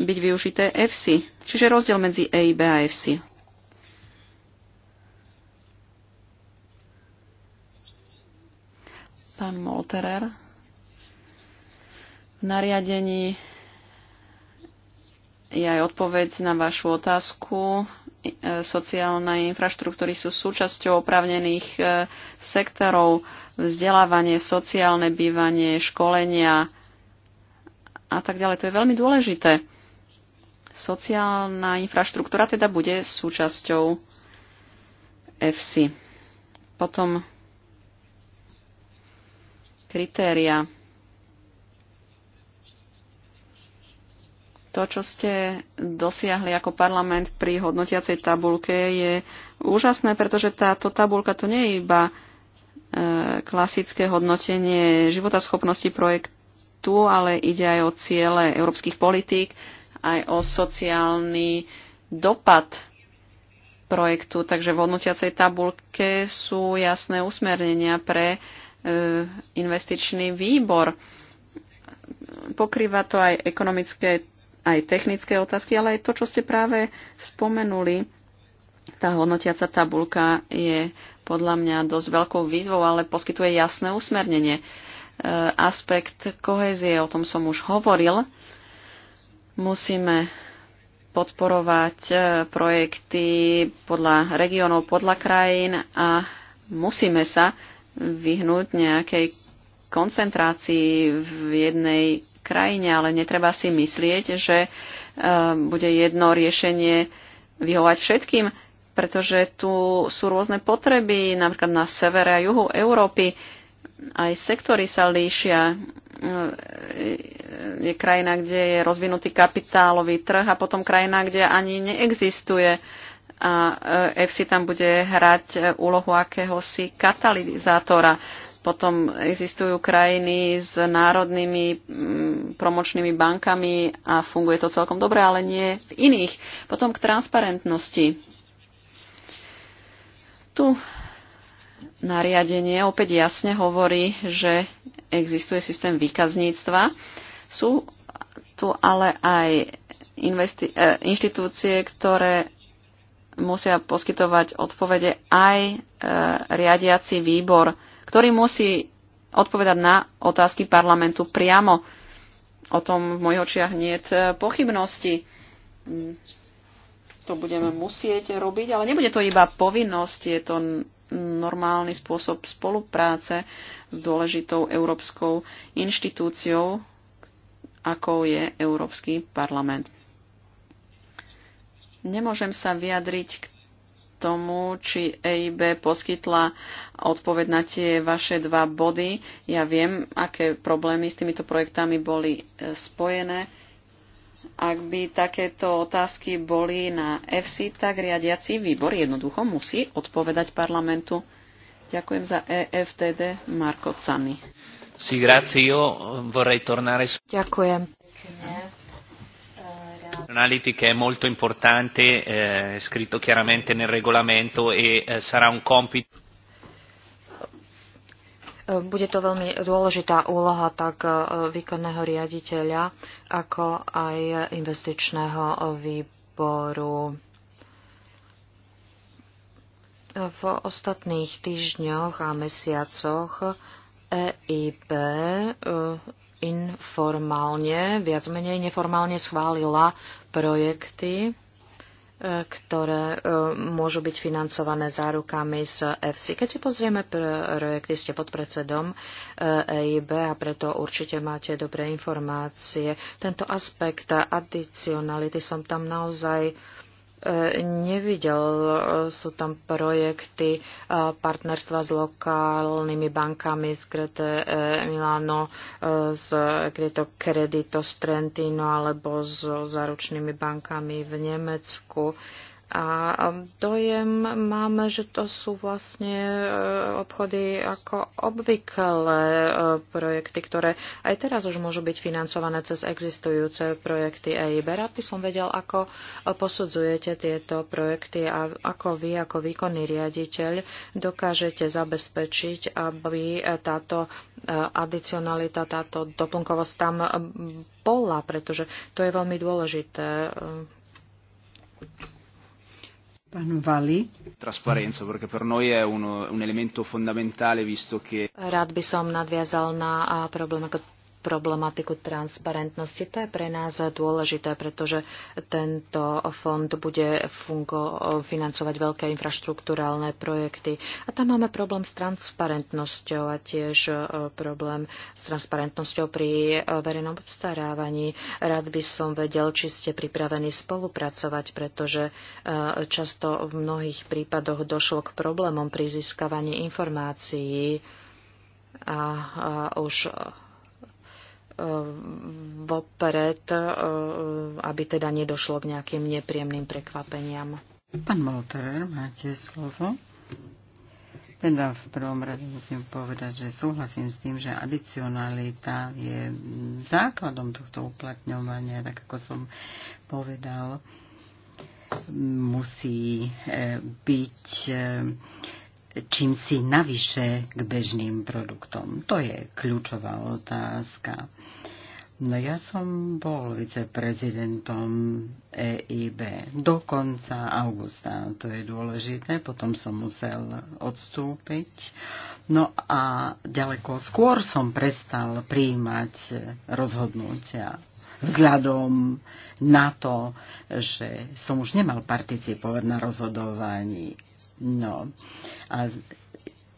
byť využité FC, Čiže rozdiel medzi EIB a FC. Pán Molterer. V nariadení je aj odpoveď na vašu otázku e, sociálne infraštruktúry sú súčasťou opravnených e, sektorov vzdelávanie, sociálne bývanie, školenia a tak ďalej. To je veľmi dôležité. Sociálna infraštruktúra teda bude súčasťou FC. Potom kritéria. To, čo ste dosiahli ako parlament pri hodnotiacej tabulke, je úžasné, pretože táto tabulka to nie je iba Eh, klasické hodnotenie schopnosti projektu, ale ide aj o ciele európskych politík, aj o sociálny dopad projektu. Takže v hodnotiacej tabulke sú jasné usmernenia pre eh, investičný výbor. Pokrýva to aj ekonomické, aj technické otázky, ale aj to, čo ste práve spomenuli tá hodnotiaca tabulka je podľa mňa dosť veľkou výzvou, ale poskytuje jasné usmernenie. E, aspekt kohezie, o tom som už hovoril, musíme podporovať e, projekty podľa regiónov, podľa krajín a musíme sa vyhnúť nejakej koncentrácii v jednej krajine, ale netreba si myslieť, že e, bude jedno riešenie vyhovať všetkým pretože tu sú rôzne potreby, napríklad na severe a juhu Európy. Aj sektory sa líšia. E, e, je krajina, kde je rozvinutý kapitálový trh a potom krajina, kde ani neexistuje a EFSI tam bude hrať e, úlohu akéhosi katalizátora. Potom existujú krajiny s národnými promočnými bankami a funguje to celkom dobre, ale nie v iných. Potom k transparentnosti tu nariadenie opäť jasne hovorí, že existuje systém výkazníctva. Sú tu ale aj e, inštitúcie, ktoré musia poskytovať odpovede aj eh, riadiaci výbor, ktorý musí odpovedať na otázky parlamentu priamo. O tom v mojich očiach nie je pochybnosti to budeme musieť robiť, ale nebude to iba povinnosť, je to normálny spôsob spolupráce s dôležitou európskou inštitúciou, akou je Európsky parlament. Nemôžem sa vyjadriť k tomu, či EIB poskytla odpoveď na tie vaše dva body. Ja viem, aké problémy s týmito projektami boli e, spojené ak by takéto otázky boli na FC, tak riadiaci výbor jednoducho musí odpovedať parlamentu. Ďakujem za EFTD Marko Cany. Si grazio, eh, vorrei tornare su... Ďakujem. Anality che è molto importante, eh, scritto chiaramente nel regolamento e eh, sarà un compito. Bude to veľmi dôležitá úloha tak e, výkonného riaditeľa, ako aj investičného výboru. V ostatných týždňoch a mesiacoch EIB e, informálne, viac menej neformálne schválila projekty ktoré e, môžu byť financované zárukami z EFSI. Keď si pozrieme projekty, ste pod predsedom EIB e a preto určite máte dobré informácie. Tento aspekt adicionality som tam naozaj E, nevidel. E, sú tam projekty e, partnerstva s lokálnymi bankami z Grete Milano, z Grete Credito Strentino alebo s záručnými bankami v Nemecku. A dojem máme, že to sú vlastne e, obchody ako obvyklé e, projekty, ktoré aj teraz už môžu byť financované cez existujúce projekty EIB. Rád by som vedel, ako posudzujete tieto projekty a ako vy ako výkonný riaditeľ dokážete zabezpečiť, aby táto e, adicionalita, táto doplnkovosť tam bola, pretože to je veľmi dôležité. Pán Vali. Rád by som nadviazal na problém, problematiku transparentnosti. To je pre nás dôležité, pretože tento fond bude fungo- financovať veľké infraštruktúrálne projekty. A tam máme problém s transparentnosťou a tiež e, problém s transparentnosťou pri e, verejnom obstarávaní. Rád by som vedel, či ste pripravení spolupracovať, pretože e, často v mnohých prípadoch došlo k problémom pri získavaní informácií a, a už vopred, e, aby teda nedošlo k nejakým nepriemným prekvapeniam. Pán Molterer, máte slovo. Teda v prvom rade musím povedať, že súhlasím s tým, že adicionalita je základom tohto uplatňovania, tak ako som povedal, musí e, byť e, čím si navyše k bežným produktom? To je kľúčová otázka. No ja som bol viceprezidentom EIB do konca augusta, to je dôležité, potom som musel odstúpiť. No a ďaleko skôr som prestal príjmať rozhodnutia vzhľadom na to, že som už nemal participovať na rozhodovaní. No a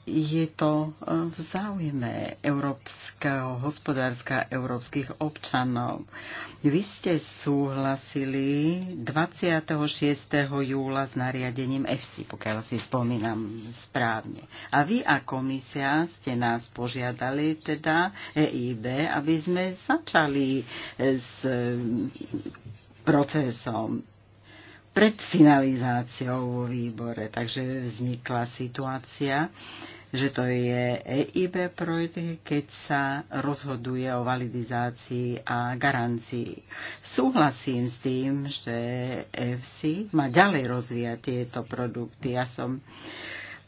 je to e, v záujme európskeho hospodárska európskych občanov. Vy ste súhlasili 26. júla s nariadením EFSI, pokiaľ si spomínam správne. A vy a komisia ste nás požiadali, teda EIB, aby sme začali e, s procesom pred finalizáciou vo výbore. Takže vznikla situácia, že to je EIB projekt, keď sa rozhoduje o validizácii a garancii. Súhlasím s tým, že EFC má ďalej rozvíjať tieto produkty. Ja som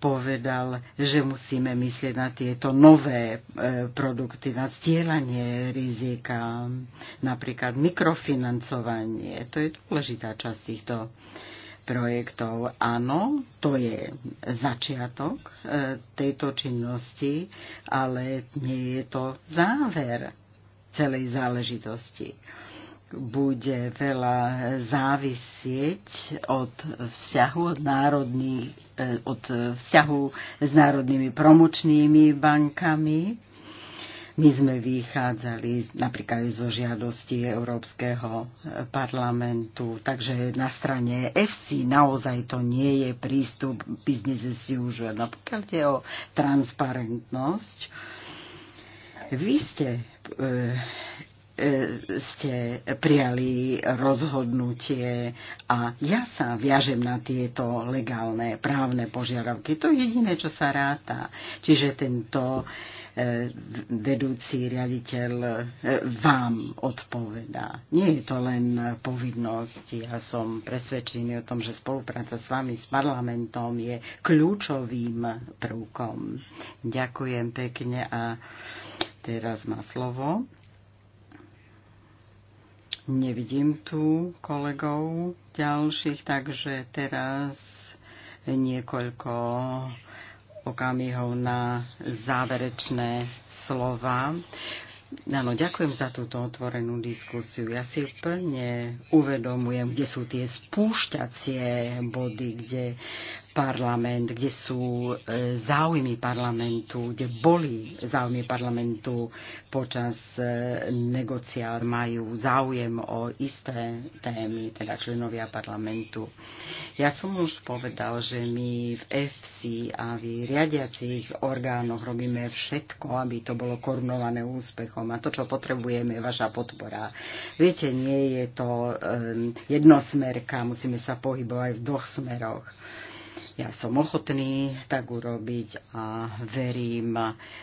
povedal, že musíme myslieť na tieto nové e, produkty, na stielanie rizika, napríklad mikrofinancovanie. To je dôležitá časť týchto projektov. Áno, to je začiatok e, tejto činnosti, ale nie je to záver celej záležitosti bude veľa závisieť od vzťahu, od, národný, e, od vzťahu s národnými promočnými bankami. My sme vychádzali napríklad zo žiadosti Európskeho parlamentu, takže na strane FC naozaj to nie je prístup business as usual. Napríklad je o transparentnosť. Vy ste e, ste prijali rozhodnutie a ja sa viažem na tieto legálne právne požiadavky. To je jediné, čo sa ráta. Čiže tento e, vedúci riaditeľ e, vám odpovedá. Nie je to len povinnosť. Ja som presvedčený o tom, že spolupráca s vami, s parlamentom je kľúčovým prvkom. Ďakujem pekne a teraz má slovo Nevidím tu kolegov ďalších, takže teraz niekoľko okamihov na záverečné slova. Áno, ďakujem za túto otvorenú diskusiu. Ja si plne uvedomujem, kde sú tie spúšťacie body, kde parlament, kde sú e, záujmy parlamentu, kde boli záujmy parlamentu počas e, negociár, majú záujem o isté témy, teda členovia parlamentu. Ja som už povedal, že my v FC a v riadiacich orgánoch robíme všetko, aby to bolo korunované úspechom a to, čo potrebujeme, je vaša podpora. Viete, nie je to e, jednosmerka, musíme sa pohybovať v dvoch smeroch. Ja som ochotný tak urobiť a verím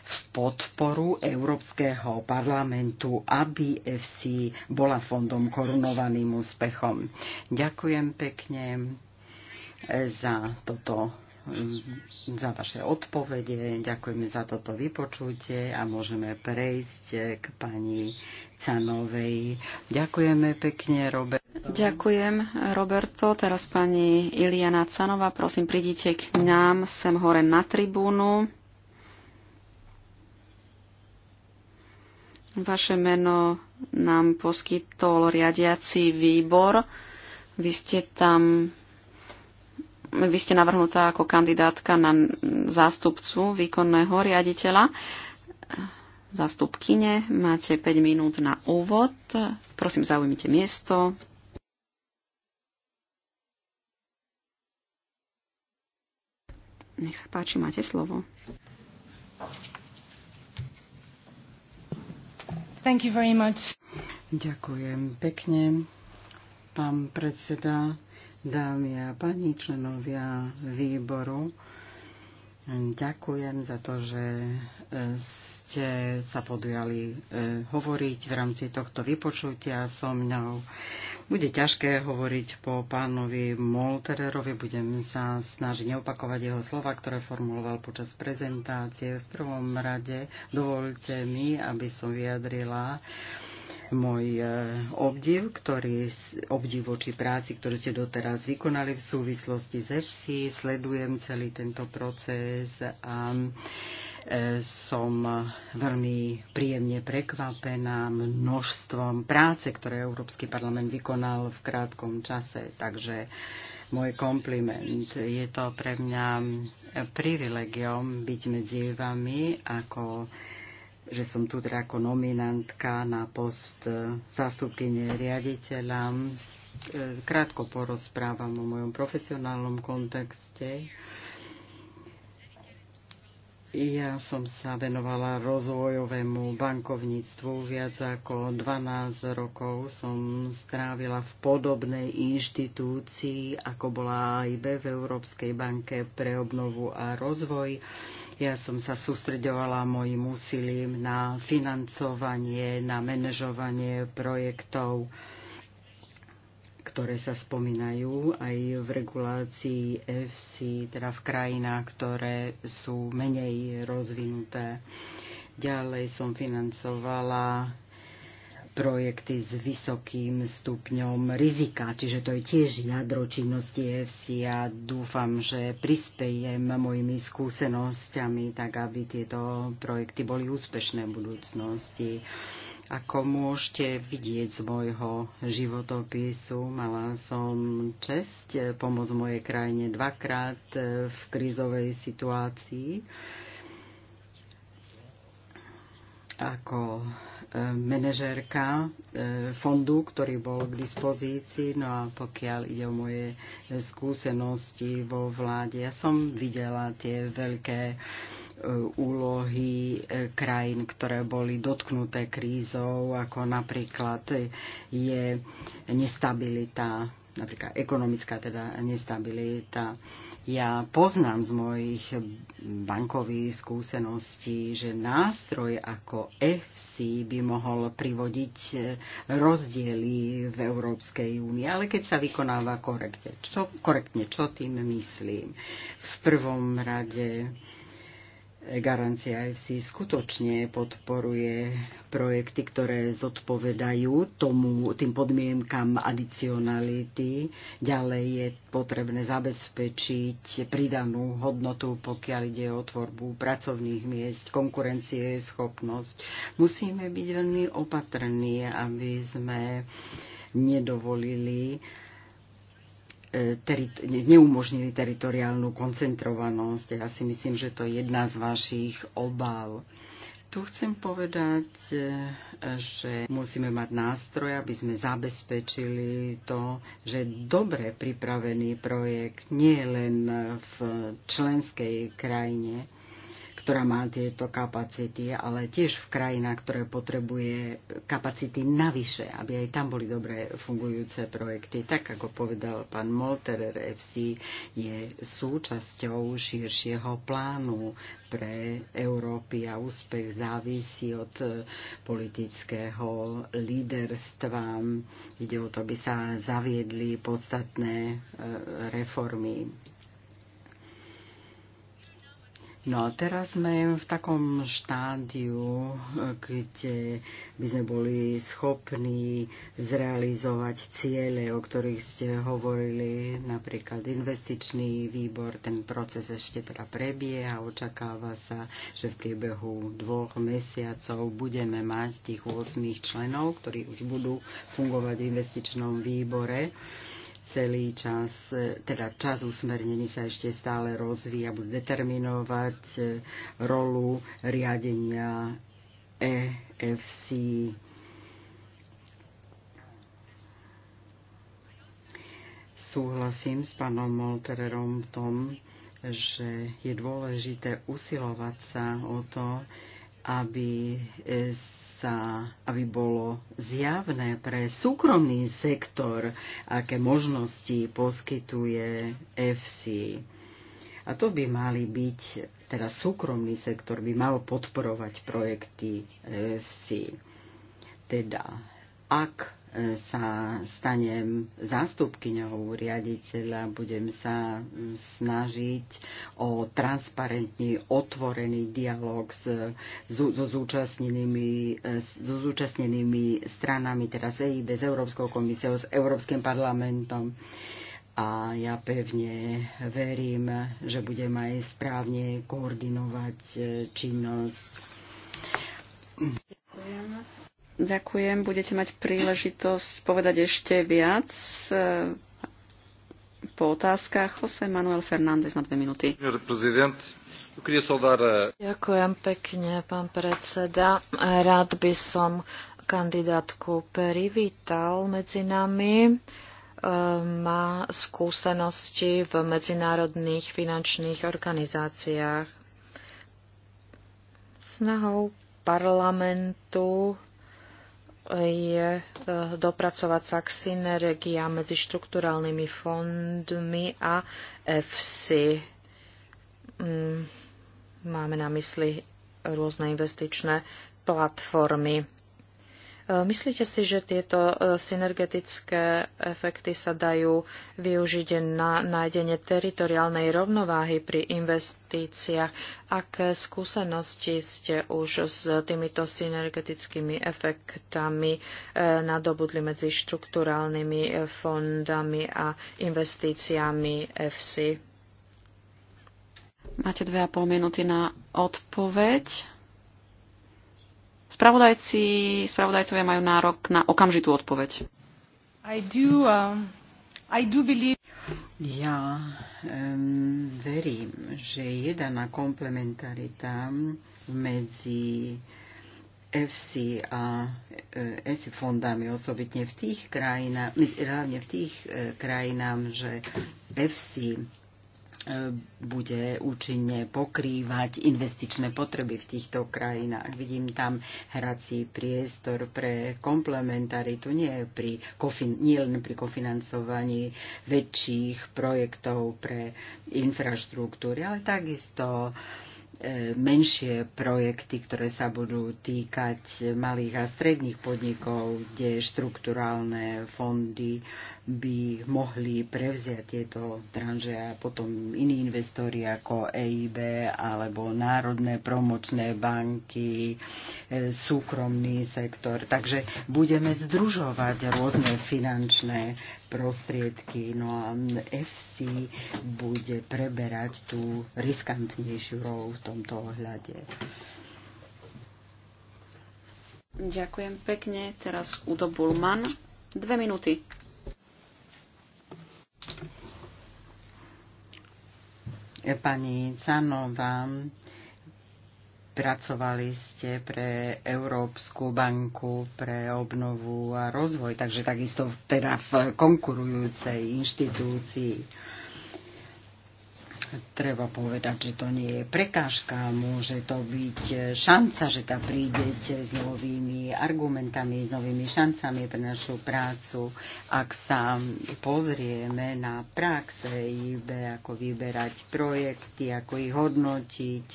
v podporu Európskeho parlamentu, aby FC bola fondom korunovaným úspechom. Ďakujem pekne za toto za vaše odpovede. Ďakujeme za toto vypočutie a môžeme prejsť k pani Canovej. Ďakujeme pekne, Robert. Ďakujem, Roberto. Teraz pani Iliana Canova, prosím, prídite k nám sem hore na tribúnu. Vaše meno nám poskytol riadiaci výbor. Vy ste tam vy ste navrhnutá ako kandidátka na zástupcu výkonného riaditeľa. Zástupkyne, máte 5 minút na úvod. Prosím, zaujmite miesto. Nech sa páči, máte slovo. Thank you very much. Ďakujem pekne, pán predseda dámy a pani členovia výboru. Ďakujem za to, že e, ste sa podujali e, hovoriť v rámci tohto vypočutia so mňou Bude ťažké hovoriť po pánovi Moltererovi, budem sa snažiť neopakovať jeho slova, ktoré formuloval počas prezentácie. V prvom rade dovolte mi, aby som vyjadrila môj e, obdiv, ktorý, obdiv voči práci, ktorú ste doteraz vykonali v súvislosti s EFSI. Sledujem celý tento proces a e, som veľmi príjemne prekvapená množstvom práce, ktoré Európsky parlament vykonal v krátkom čase. Takže môj kompliment. Je to pre mňa privilegium byť medzi vami ako že som tu teda ako nominantka na post e, zástupkyne riaditeľa. E, krátko porozprávam o mojom profesionálnom kontexte. Ja som sa venovala rozvojovému bankovníctvu. Viac ako 12 rokov som strávila v podobnej inštitúcii, ako bola AIB v Európskej banke pre obnovu a rozvoj. Ja som sa sústreďovala mojim úsilím na financovanie, na manažovanie projektov, ktoré sa spomínajú aj v regulácii FC, teda v krajinách, ktoré sú menej rozvinuté. Ďalej som financovala projekty s vysokým stupňom rizika, čiže to je tiež jadro činnosti EFC a dúfam, že prispejem mojimi skúsenosťami tak, aby tieto projekty boli úspešné v budúcnosti. Ako môžete vidieť z môjho životopisu, mala som čest pomôcť mojej krajine dvakrát v krízovej situácii. Ako manažérka e, fondu, ktorý bol k dispozícii. No a pokiaľ ide o moje skúsenosti vo vláde, ja som videla tie veľké e, úlohy e, krajín, ktoré boli dotknuté krízou, ako napríklad je nestabilita, napríklad ekonomická teda nestabilita ja poznám z mojich bankových skúseností, že nástroj ako FC by mohol privodiť eh, rozdiely v Európskej únii, ale keď sa vykonáva korektne. Čo, korektne, čo tým myslím? V prvom rade Garancia IFC skutočne podporuje projekty, ktoré zodpovedajú tomu, tým podmienkam adicionality. Ďalej je potrebné zabezpečiť pridanú hodnotu, pokiaľ ide o tvorbu pracovných miest, konkurencie, schopnosť. Musíme byť veľmi opatrní, aby sme nedovolili terit- neumožnili teritoriálnu koncentrovanosť. Ja si myslím, že to je jedna z vašich obáv. Tu chcem povedať, že musíme mať nástroj, aby sme zabezpečili to, že dobre pripravený projekt nie len v členskej krajine, ktorá má tieto kapacity, ale tiež v krajinách, ktoré potrebuje kapacity navyše, aby aj tam boli dobre fungujúce projekty. Tak ako povedal pán Molterer, FC je súčasťou širšieho plánu pre Európy a úspech závisí od e, politického líderstva. Ide o to, aby sa zaviedli podstatné e, reformy No a teraz sme v takom štádiu, kde by sme boli schopní zrealizovať ciele, o ktorých ste hovorili, napríklad investičný výbor, ten proces ešte teda prebieha, očakáva sa, že v priebehu dvoch mesiacov budeme mať tých 8 členov, ktorí už budú fungovať v investičnom výbore celý čas, e, teda čas usmernení sa ešte stále rozvíja, bude determinovať e, rolu riadenia EFC. Súhlasím s pánom Moltererom v tom, že je dôležité usilovať sa o to, aby e, sa, aby bolo zjavné pre súkromný sektor, aké možnosti poskytuje EFSI. A to by mali byť, teda súkromný sektor by mal podporovať projekty EFSI. Teda, ak sa stanem zástupkyňou riaditeľa, budem sa snažiť o transparentný, otvorený dialog s, so, zúčastnenými, so zúčastnenými stranami, teda EIB, s Európskou komisiou, s Európskym parlamentom. A ja pevne verím, že budem aj správne koordinovať eh, činnosť. Ďakujem. Budete mať príležitosť povedať ešte viac eh, po otázkach. Jose Manuel Fernández na dve minúty. Ďakujem pekne, pán predseda. Rád by som kandidátku privítal medzi nami. Eh, má skúsenosti v medzinárodných finančných organizáciách. Snahou parlamentu je eh, dopracovať sa k synergia medzi štrukturálnymi fondmi a FC. Mm, máme na mysli rôzne investičné platformy. Eh, myslíte si, že tieto eh, synergetické efekty sa dajú využiť na nájdenie teritoriálnej rovnováhy pri investíciách? Aké skúsenosti ste už s týmito synergetickými efektami eh, nadobudli medzi štruktúrálnymi fondami a investíciami EFSI? Máte dve a pol minúty na odpoveď. Spravodajci, spravodajcovia majú nárok na okamžitú odpoveď. I do, um, I do believe... Ja um, verím, že je daná komplementarita medzi FC a ESI fondami, osobitne v tých krajinách, hlavne v tých e, krajinách, že FC bude účinne pokrývať investičné potreby v týchto krajinách. Vidím tam hrací priestor pre komplementaritu, nie, pri, nie len pri kofinancovaní väčších projektov pre infraštruktúry, ale takisto e, menšie projekty, ktoré sa budú týkať malých a stredných podnikov, kde štruktúrálne fondy by mohli prevziať tieto tranže a potom iní investori ako EIB alebo národné promočné banky, e, súkromný sektor. Takže budeme združovať rôzne finančné prostriedky. No a FC bude preberať tú riskantnejšiu rolu v tomto ohľade. Ďakujem pekne. Teraz Udo Bulman. Dve minúty. Pani Canová, pracovali ste pre Európsku banku pre obnovu a rozvoj, takže takisto teda v konkurujúcej inštitúcii treba povedať, že to nie je prekážka, môže to byť e, šanca, že tam prídete s novými argumentami, s novými šancami pre našu prácu. Ak sa pozrieme na praxe IB, ako vyberať projekty, ako ich hodnotiť,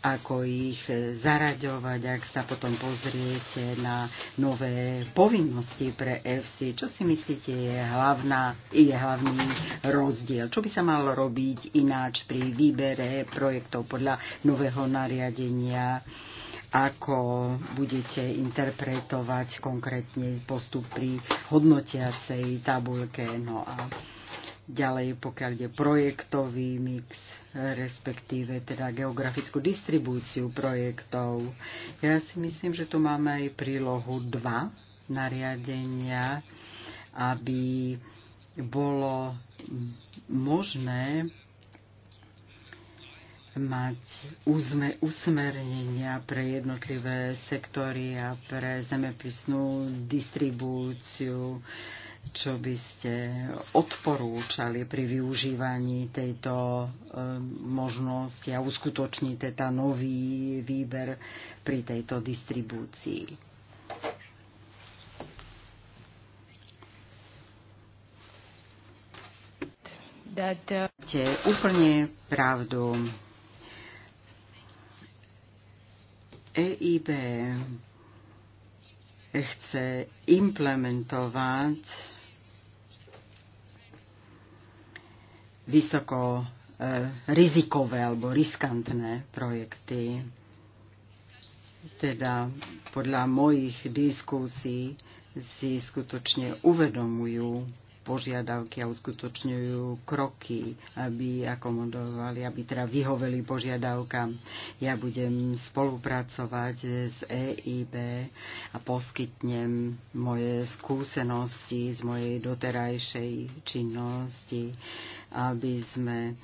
ako ich e, zaraďovať, ak sa potom pozriete na nové povinnosti pre FC. Čo si myslíte je, hlavná, je hlavný rozdiel? Čo by sa malo robiť ináč pri výbere projektov podľa nového nariadenia? ako budete interpretovať konkrétne postup pri hodnotiacej tabulke. No a Ďalej, pokiaľ je projektový mix, respektíve teda geografickú distribúciu projektov. Ja si myslím, že tu máme aj prílohu 2 nariadenia, aby bolo možné mať uzme, usmernenia pre jednotlivé sektory a pre zemepisnú distribúciu. E, čo by ste odporúčali pri využívaní tejto eh, možnosti a uskutočniť teda nový výber pri tejto distribúcii. Uh, Máte úplne pravdu. EIB chce implementovať vysoko e, rizikové alebo riskantné projekty. Teda podľa mojich diskusí si skutočne uvedomujú požiadavky a uskutočňujú kroky, aby akomodovali, aby teda vyhoveli požiadavkám. Ja budem spolupracovať s EIB a poskytnem moje skúsenosti z mojej doterajšej činnosti aby sme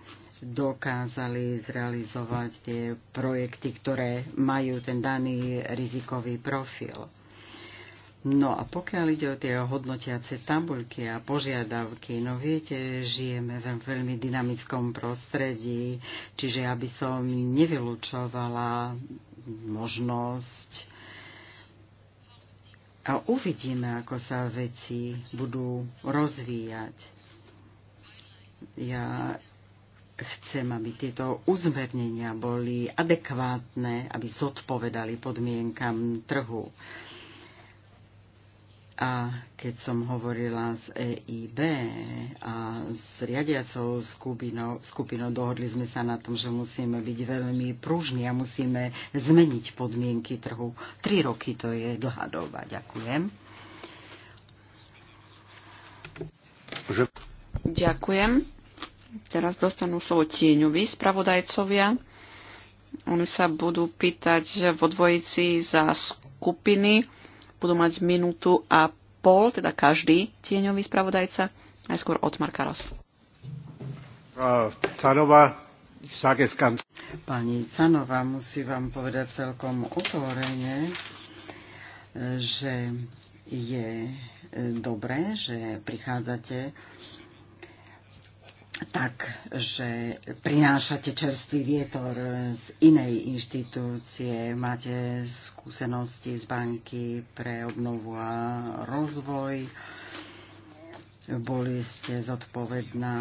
dokázali zrealizovať tie projekty, ktoré majú ten daný rizikový profil. No a pokiaľ ide o tie hodnotiace tabuľky a požiadavky, no viete, žijeme v veľmi dynamickom prostredí, čiže ja by som nevylučovala možnosť a uvidíme, ako sa veci budú rozvíjať. Ja chcem, aby tieto uzmernenia boli adekvátne, aby zodpovedali podmienkam trhu. A keď som hovorila s EIB a s riadiacou skupinou, skupinou, dohodli sme sa na tom, že musíme byť veľmi pružní a musíme zmeniť podmienky trhu. Tri roky to je dlhá doba. Ďakujem. Ďakujem. Teraz dostanú slovo tieňovi spravodajcovia. Oni sa budú pýtať vo dvojici za skupiny. Budú mať minútu a pol, teda každý tieňový spravodajca. Najskôr Otmar Karas. Canova, Pani Canova, musím vám povedať celkom otvorene, že je dobré, že prichádzate tak, že prinášate čerstvý vietor z inej inštitúcie, máte skúsenosti z banky pre obnovu a rozvoj, boli ste zodpovedná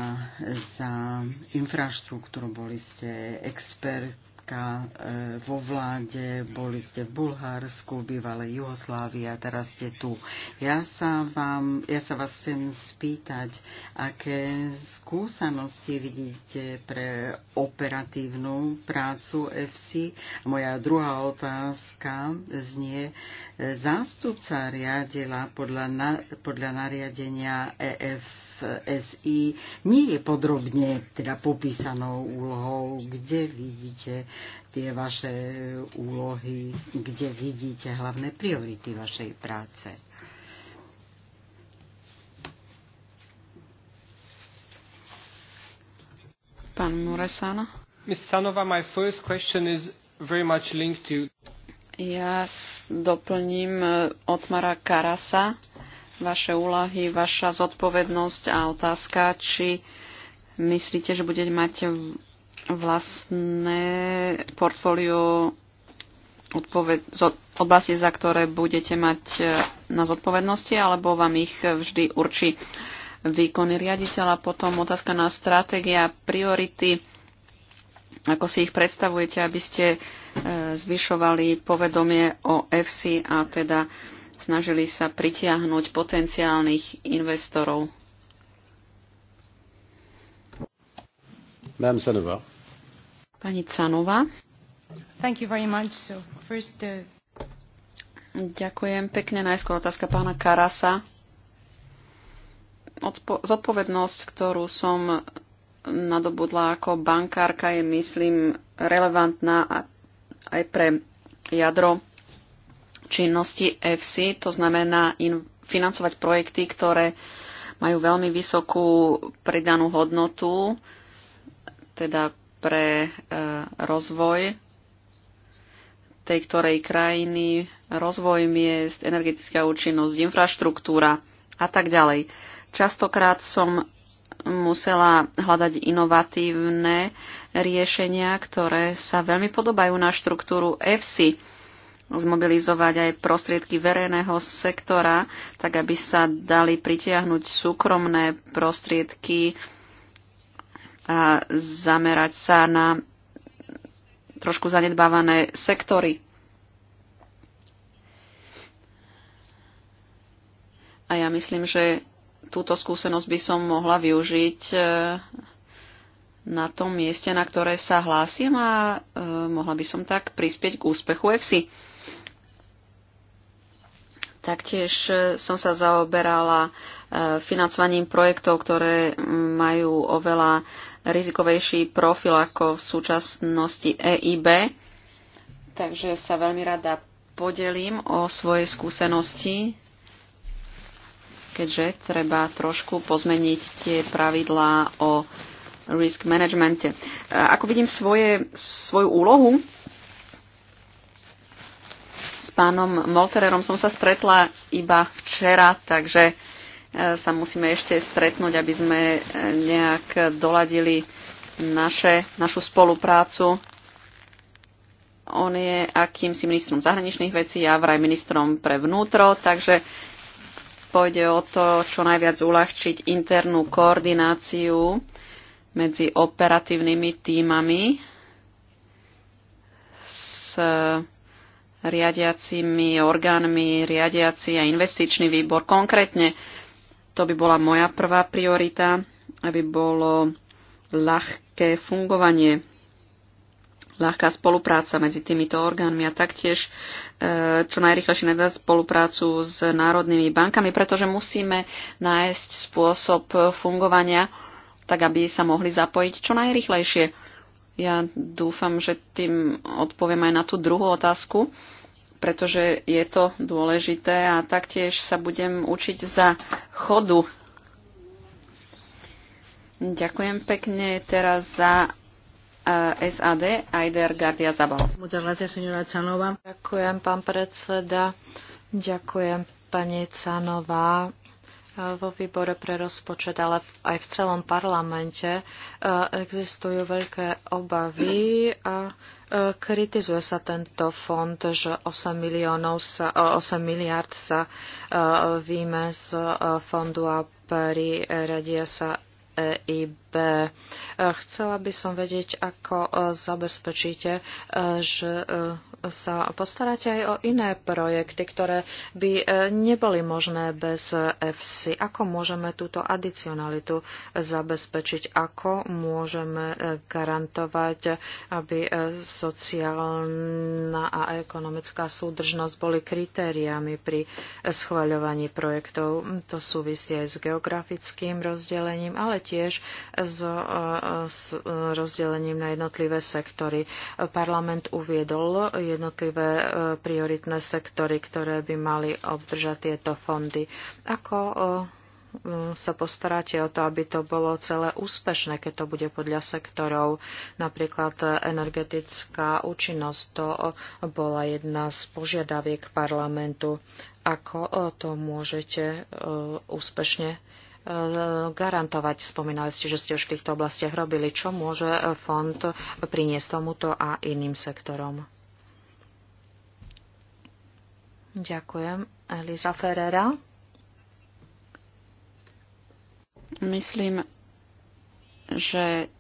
za infraštruktúru, boli ste expert roka e, vo vláde, boli ste v Bulharsku, bývalej Jugoslávii a teraz ste tu. Ja sa, vám, ja sa vás chcem spýtať, aké skúsenosti vidíte pre operatívnu prácu FC. Moja druhá otázka znie, e, zástupca riadila podľa, na, podľa nariadenia EF SI nie je podrobne teda popísanou úlohou, kde vidíte tie vaše úlohy, kde vidíte hlavné priority vašej práce. Pán Muresana. Ms. Sanova, my first question is very much linked to... Ja doplním eh, Otmara Karasa vaše úlahy, vaša zodpovednosť a otázka, či myslíte, že budete mať vlastné portfólio odpoved- oblasti, za ktoré budete mať e, na zodpovednosti, alebo vám ich vždy určí výkony riaditeľa. Potom otázka na stratégia, priority, ako si ich predstavujete, aby ste e, zvyšovali povedomie o FC a teda snažili sa pritiahnuť potenciálnych investorov. Madame Sanova. Pani Canova. Thank you very much. So first, uh... Ďakujem pekne. Najskôr otázka pána Karasa. Odpo- zodpovednosť, ktorú som nadobudla ako bankárka, je, myslím, relevantná aj pre jadro činnosti EFSI, to znamená financovať projekty, ktoré majú veľmi vysokú pridanú hodnotu, teda pre e, rozvoj tej ktorej krajiny, rozvoj miest, energetická účinnosť, infraštruktúra a tak ďalej. Častokrát som musela hľadať inovatívne riešenia, ktoré sa veľmi podobajú na štruktúru EFSI zmobilizovať aj prostriedky verejného sektora, tak aby sa dali pritiahnuť súkromné prostriedky a zamerať sa na trošku zanedbávané sektory. A ja myslím, že túto skúsenosť by som mohla využiť e, na tom mieste, na ktoré sa hlásim a e, mohla by som tak prispieť k úspechu EFSI. Taktiež e, som sa zaoberala e, financovaním projektov, ktoré majú oveľa rizikovejší profil ako v súčasnosti EIB. Takže sa veľmi rada podelím o svoje skúsenosti, keďže treba trošku pozmeniť tie pravidlá o risk managemente. Ako vidím svoje, svoju úlohu, pánom Moltererom som sa stretla iba včera, takže e, sa musíme ešte stretnúť, aby sme e, nejak doladili naše, našu spoluprácu. On je akýmsi ministrom zahraničných vecí, a vraj ministrom pre vnútro, takže pôjde o to, čo najviac uľahčiť internú koordináciu medzi operatívnymi týmami s riadiacimi orgánmi, riadiaci a investičný výbor konkrétne. To by bola moja prvá priorita, aby bolo ľahké fungovanie, ľahká spolupráca medzi týmito orgánmi a taktiež e, čo najrychlejšie nedať spoluprácu s národnými bankami, pretože musíme nájsť spôsob fungovania tak, aby sa mohli zapojiť čo najrychlejšie. Ja dúfam, že tým odpoviem aj na tú druhú otázku, pretože je to dôležité a taktiež sa budem učiť za chodu. Ďakujem pekne teraz za eh, SAD Aider Gardia Zabal. Ďakujem, pán predseda. Ďakujem, pani Canová vo výbore pre rozpočet, ale aj v celom parlamente e, existujú veľké obavy a e, kritizuje sa tento fond, že 8, miliónov sa, 8 e, miliard sa víme z fondu a priradia sa EIB B. Chcela by som vedieť, ako e, zabezpečíte, e, že e, sa postaráte aj o iné projekty, ktoré by neboli možné bez FC. Ako môžeme túto adicionalitu zabezpečiť? Ako môžeme garantovať, aby sociálna a ekonomická súdržnosť boli kritériami pri schvaľovaní projektov? To súvisí aj s geografickým rozdelením, ale tiež s, e, s rozdelením na jednotlivé sektory. Parlament uviedol jednotlivé e, prioritné sektory, ktoré by mali obdržať tieto fondy. Ako e, sa postaráte o to, aby to bolo celé úspešné, keď to bude podľa sektorov. Napríklad energetická účinnosť, to bola jedna z požiadaviek parlamentu. Ako to môžete úspešne garantovať? Spomínali ste, že ste už v týchto oblastiach robili. Čo môže fond priniesť tomuto a iným sektorom? Ďakujem. Elisa Ferrera. Myslím, že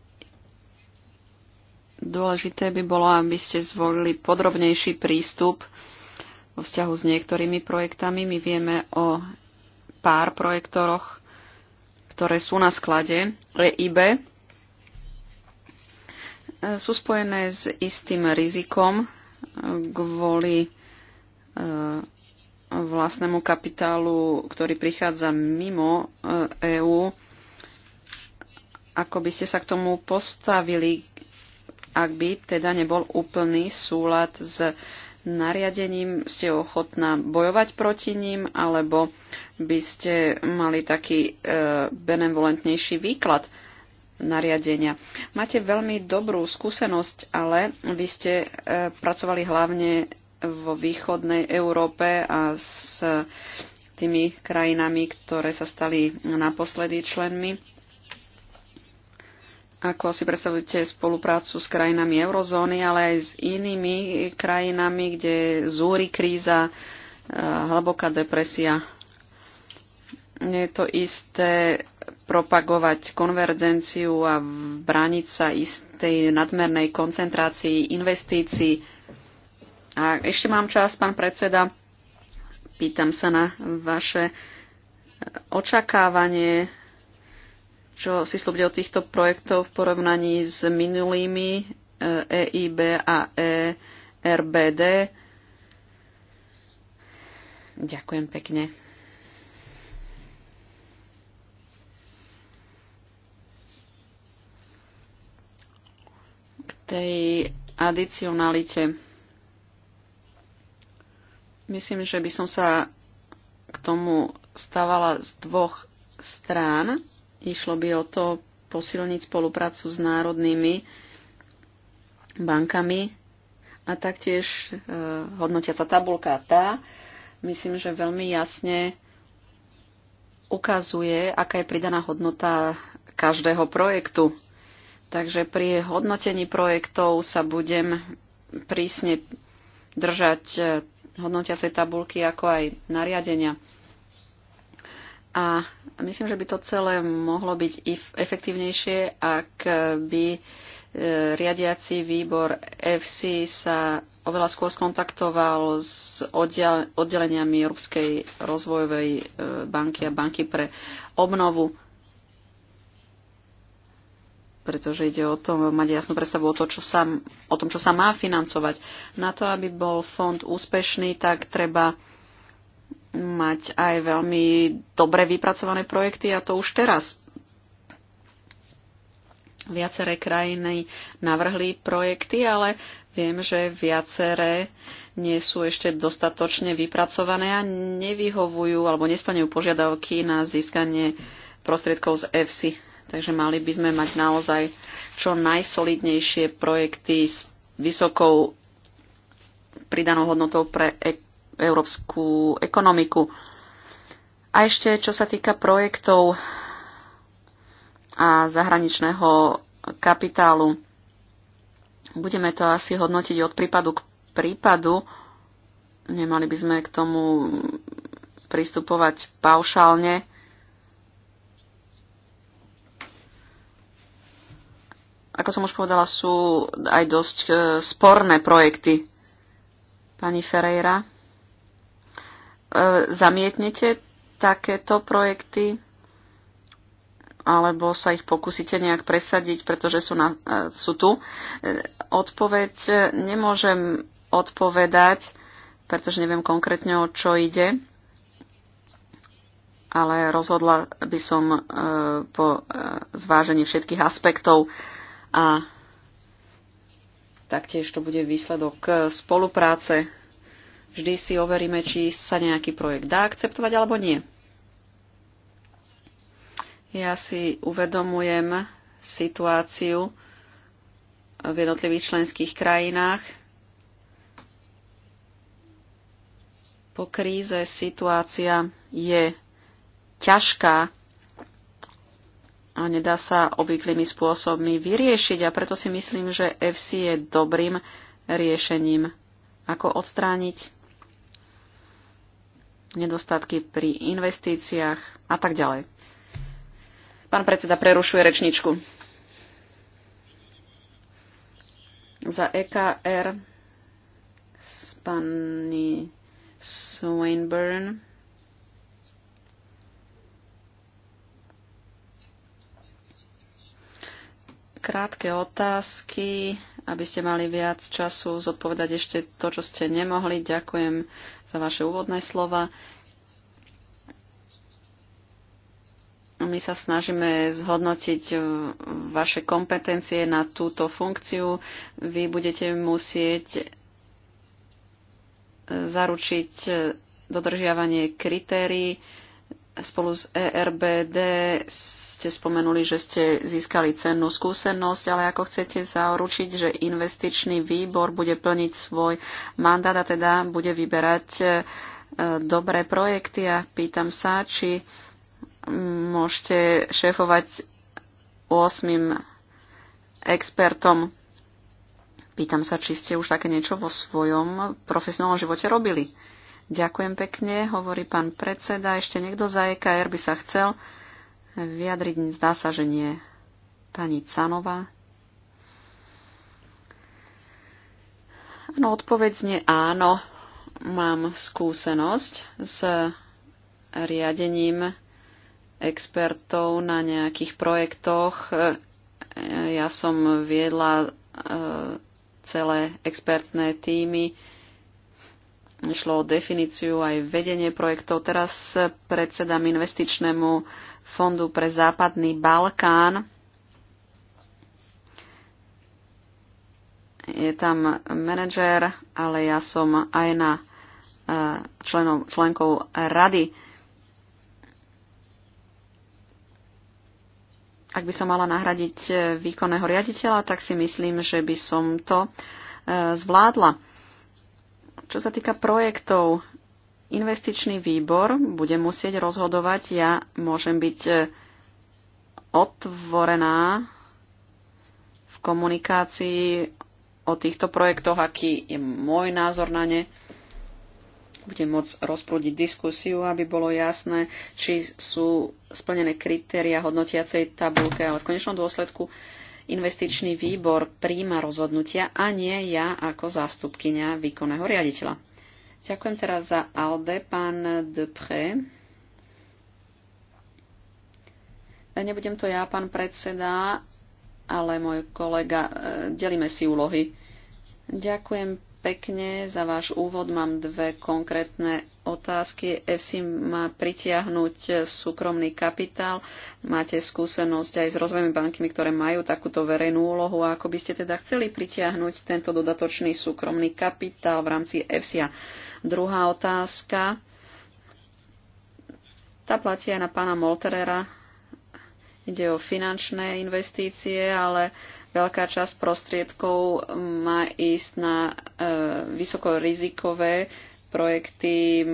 dôležité by bolo, aby ste zvolili podrobnejší prístup vo vzťahu s niektorými projektami. My vieme o pár projektoroch, ktoré sú na sklade EIB, e, sú spojené s istým rizikom e, kvôli e, vlastnému kapitálu, ktorý prichádza mimo EÚ. Ako by ste sa k tomu postavili, ak by teda nebol úplný súlad s nariadením, ste ochotná bojovať proti ním, alebo by ste mali taký e, benevolentnejší výklad nariadenia. Máte veľmi dobrú skúsenosť, ale vy ste e, pracovali hlavne vo východnej Európe a s tými krajinami, ktoré sa stali naposledy členmi ako si predstavujete spoluprácu s krajinami eurozóny, ale aj s inými krajinami, kde zúri kríza, eh, hlboká depresia. Je to isté propagovať konvergenciu a brániť sa istej nadmernej koncentrácii investícií. A ešte mám čas, pán predseda. Pýtam sa na vaše eh, očakávanie čo si slúbite od týchto projektov v porovnaní s minulými EIB eh, e a ERBD. Ďakujem pekne. K tej adicionalite. Myslím, že by som sa k tomu stávala z dvoch strán Išlo by o to posilniť spoluprácu s národnými bankami a taktiež e, hodnotiaca tabulka tá, myslím, že veľmi jasne ukazuje, aká je pridaná hodnota každého projektu. Takže pri hodnotení projektov sa budem prísne držať e, hodnotiacej tabulky ako aj nariadenia. A myslím, že by to celé mohlo byť efektívnejšie, ak by e, riadiaci výbor FC sa oveľa skôr skontaktoval s oddeleniami Európskej rozvojovej e, banky a banky pre obnovu, pretože ide o to mať jasnú predstavu o, to, čo sa, o tom, čo sa má financovať. Na to, aby bol fond úspešný, tak treba mať aj veľmi dobre vypracované projekty a to už teraz. Viaceré krajiny navrhli projekty, ale viem, že viaceré nie sú ešte dostatočne vypracované a nevyhovujú alebo nesplňujú požiadavky na získanie prostriedkov z EFSI. Takže mali by sme mať naozaj čo najsolidnejšie projekty s vysokou pridanou hodnotou pre ek- európsku ekonomiku. A ešte, čo sa týka projektov a zahraničného kapitálu, budeme to asi hodnotiť od prípadu k prípadu. Nemali by sme k tomu pristupovať paušálne. Ako som už povedala, sú aj dosť e, sporné projekty. Pani Ferreira. E, zamietnete takéto projekty alebo sa ich pokúsite nejak presadiť, pretože sú, na, e, sú tu. E, odpoveď nemôžem odpovedať, pretože neviem konkrétne, o čo ide, ale rozhodla by som po zvážení všetkých aspektov a taktiež to bude výsledok spolupráce Vždy si overíme, či sa nejaký projekt dá akceptovať alebo nie. Ja si uvedomujem situáciu v jednotlivých členských krajinách. Po kríze situácia je ťažká a nedá sa obvyklými spôsobmi vyriešiť a preto si myslím, že FC je dobrým riešením, ako odstrániť nedostatky pri investíciách a tak ďalej. Pán predseda prerušuje rečničku. Za EKR s pani Swinburne. Krátke otázky, aby ste mali viac času zodpovedať ešte to, čo ste nemohli. Ďakujem za vaše úvodné slova. My sa snažíme zhodnotiť e, vaše kompetencie na túto funkciu. Vy budete musieť e, zaručiť e, dodržiavanie kritérií Spolu s ERBD ste spomenuli, že ste získali cennú skúsenosť, ale ako chcete zaručiť, že investičný výbor bude plniť svoj mandát a teda bude vyberať e, dobré projekty a pýtam sa, či môžete šéfovať 8 expertom. Pýtam sa, či ste už také niečo vo svojom profesionálnom živote robili. Ďakujem pekne, hovorí pán predseda. Ešte niekto za EKR by sa chcel vyjadriť? Zdá sa, že nie. Pani canova. Áno, odpovedzne áno. Mám skúsenosť s riadením expertov na nejakých projektoch. Ja som viedla e, celé expertné týmy Išlo o definíciu aj vedenie projektov. Teraz predsedám investičnému fondu pre západný Balkán. Je tam manažér, ale ja som aj na e, členom, členkou rady. Ak by som mala nahradiť e, výkonného riaditeľa, tak si myslím, že by som to e, zvládla čo sa týka projektov, investičný výbor bude musieť rozhodovať. Ja môžem byť e, otvorená v komunikácii o týchto projektoch, aký je môj názor na ne. Budem môcť rozprúdiť diskusiu, aby bolo jasné, či sú splnené kritéria hodnotiacej tabulke, ale v konečnom dôsledku investičný výbor príjma rozhodnutia a nie ja ako zástupkynia výkonného riaditeľa. Ďakujem teraz za Alde, pán Depré. Nebudem to ja, pán predseda, ale môj kolega. Eh, delíme si úlohy. Ďakujem pekne za váš úvod. Mám dve konkrétne otázky. EFSI má pritiahnuť súkromný kapitál. Máte skúsenosť aj s rozvojmi bankami, ktoré majú takúto verejnú úlohu. A ako by ste teda chceli pritiahnuť tento dodatočný súkromný kapitál v rámci EFSI? Druhá otázka. Tá platí aj na pána Molterera. Ide o finančné investície, ale Veľká časť prostriedkov má ísť na e, vysokorizikové projekty,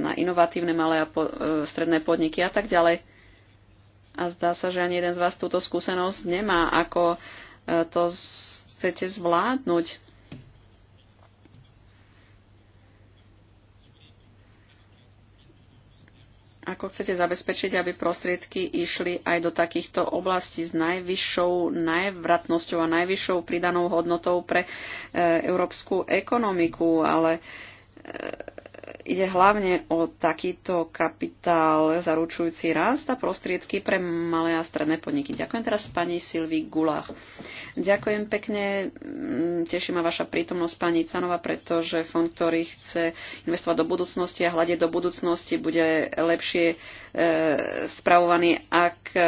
na inovatívne malé a po, e, stredné podniky a tak ďalej. A zdá sa, že ani jeden z vás túto skúsenosť nemá, ako e, to chcete zvládnuť. Ako chcete zabezpečiť, aby prostriedky išli aj do takýchto oblastí s najvyššou najvratnosťou a najvyššou pridanou hodnotou pre e, európsku ekonomiku, ale e, ide hlavne o takýto kapitál zaručujúci rast a prostriedky pre malé a stredné podniky. Ďakujem teraz pani Silvi Gulach. Ďakujem pekne, mm, teší ma vaša prítomnosť pani Canova, pretože fond, ktorý chce investovať do budúcnosti a hľadieť do budúcnosti, bude lepšie e, spravovaný, ak e,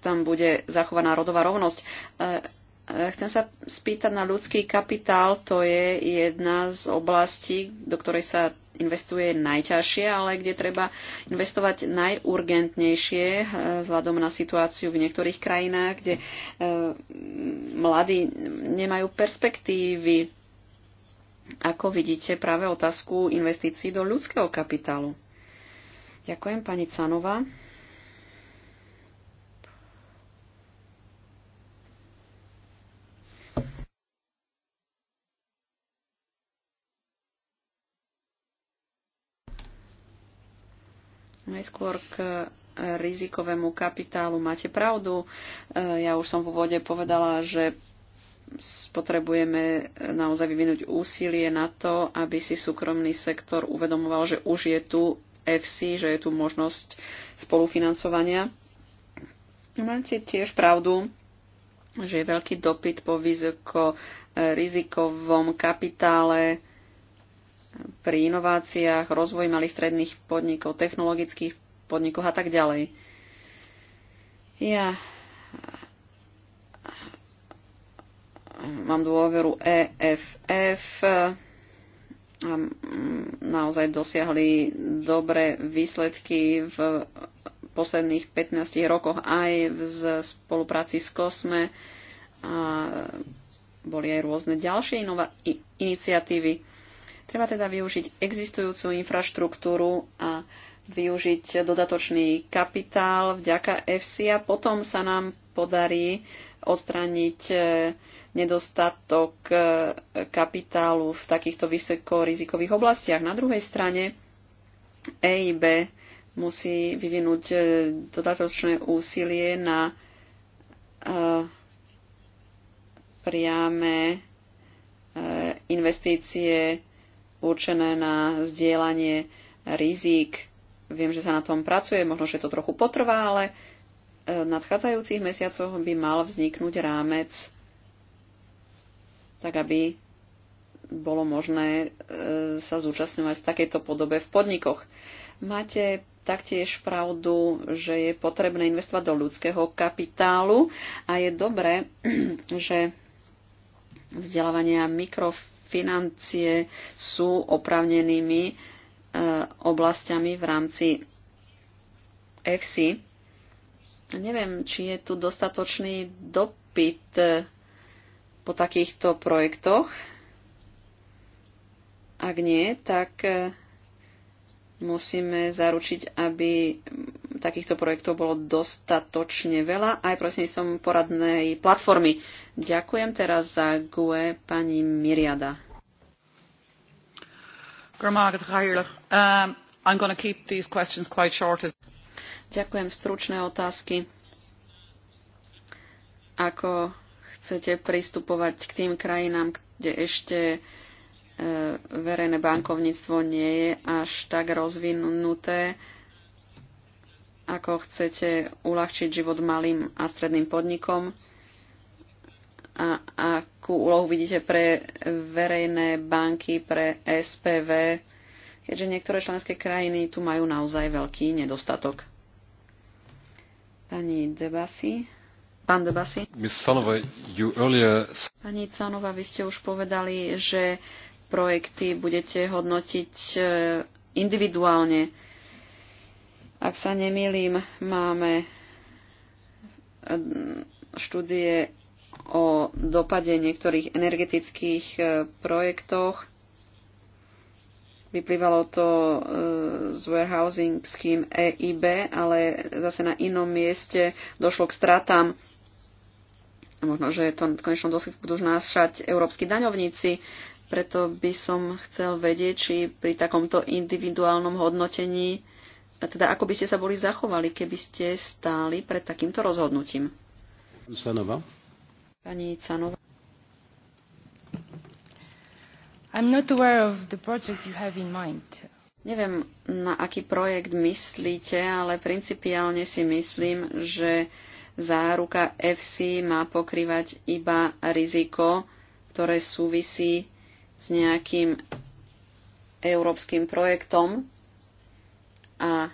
tam bude zachovaná rodová rovnosť. E, e Chcem sa spýtať na ľudský kapitál. To je jedna z oblastí, do ktorej sa investuje najťažšie, ale kde treba investovať najurgentnejšie eh, vzhľadom na situáciu v niektorých krajinách, kde eh, mladí nemajú perspektívy. Ako vidíte práve otázku investícií do ľudského kapitálu? Ďakujem pani Canova. Najskôr k e, rizikovému kapitálu máte pravdu. E, ja už som v úvode povedala, že potrebujeme e, naozaj vyvinúť úsilie na to, aby si súkromný sektor uvedomoval, že už je tu FC, že je tu možnosť spolufinancovania. Máte tiež pravdu, že je veľký dopyt po vysoko rizikovom kapitále pri inováciách, rozvoji malých stredných podnikov, technologických podnikov a tak ďalej. Ja mám dôveru EFF. A naozaj dosiahli dobré výsledky v posledných 15 rokoch aj v spolupráci s Kosme. A boli aj rôzne ďalšie inova- iniciatívy. Treba teda využiť existujúcu infraštruktúru a využiť dodatočný kapitál vďaka EFSI a potom sa nám podarí odstrániť e, nedostatok e, kapitálu v takýchto vysokorizikových oblastiach. Na druhej strane EIB musí vyvinúť e, dodatočné úsilie na priame investície určené na zdieľanie rizík. Viem, že sa na tom pracuje, možno, že to trochu potrvá, ale e, v nadchádzajúcich mesiacoch by mal vzniknúť rámec, tak aby bolo možné e, sa zúčastňovať v takejto podobe v podnikoch. Máte taktiež pravdu, že je potrebné investovať do ľudského kapitálu a je dobré, že vzdelávanie a financie sú opravnenými e, oblastiami v rámci EFSI. Neviem, či je tu dostatočný dopyt e, po takýchto projektoch. Ak nie, tak e, musíme zaručiť, aby takýchto projektov bolo dostatočne veľa, aj prostredníctvom poradnej platformy. Ďakujem teraz za GUE pani Miriada. Ďakujem, stručné otázky. Ako chcete pristupovať k tým krajinám, kde ešte uh, verejné bankovníctvo nie je až tak rozvinuté, ako chcete uľahčiť život malým a stredným podnikom a akú úlohu vidíte pre verejné banky, pre SPV, keďže niektoré členské krajiny tu majú naozaj veľký nedostatok. Pani Debasi. Pán Debasi. Pani Canova, vy ste už povedali, že projekty budete hodnotiť e, individuálne. Ak sa nemýlim, máme e, štúdie o dopade niektorých energetických e, projektoch. Vyplývalo to z warehousing scheme EIB, ale zase na inom mieste došlo k stratám. Možno, že to v konečnom dôsledku budú znášať európsky daňovníci. Preto by som chcel vedieť, či pri takomto individuálnom hodnotení, teda ako by ste sa boli zachovali, keby ste stáli pred takýmto rozhodnutím. Sanova. Pani Canova. I'm not aware of the project you have in mind. Neviem, na aký projekt myslíte, ale principiálne si myslím, že záruka FC má pokrývať iba riziko, ktoré súvisí s nejakým európskym projektom a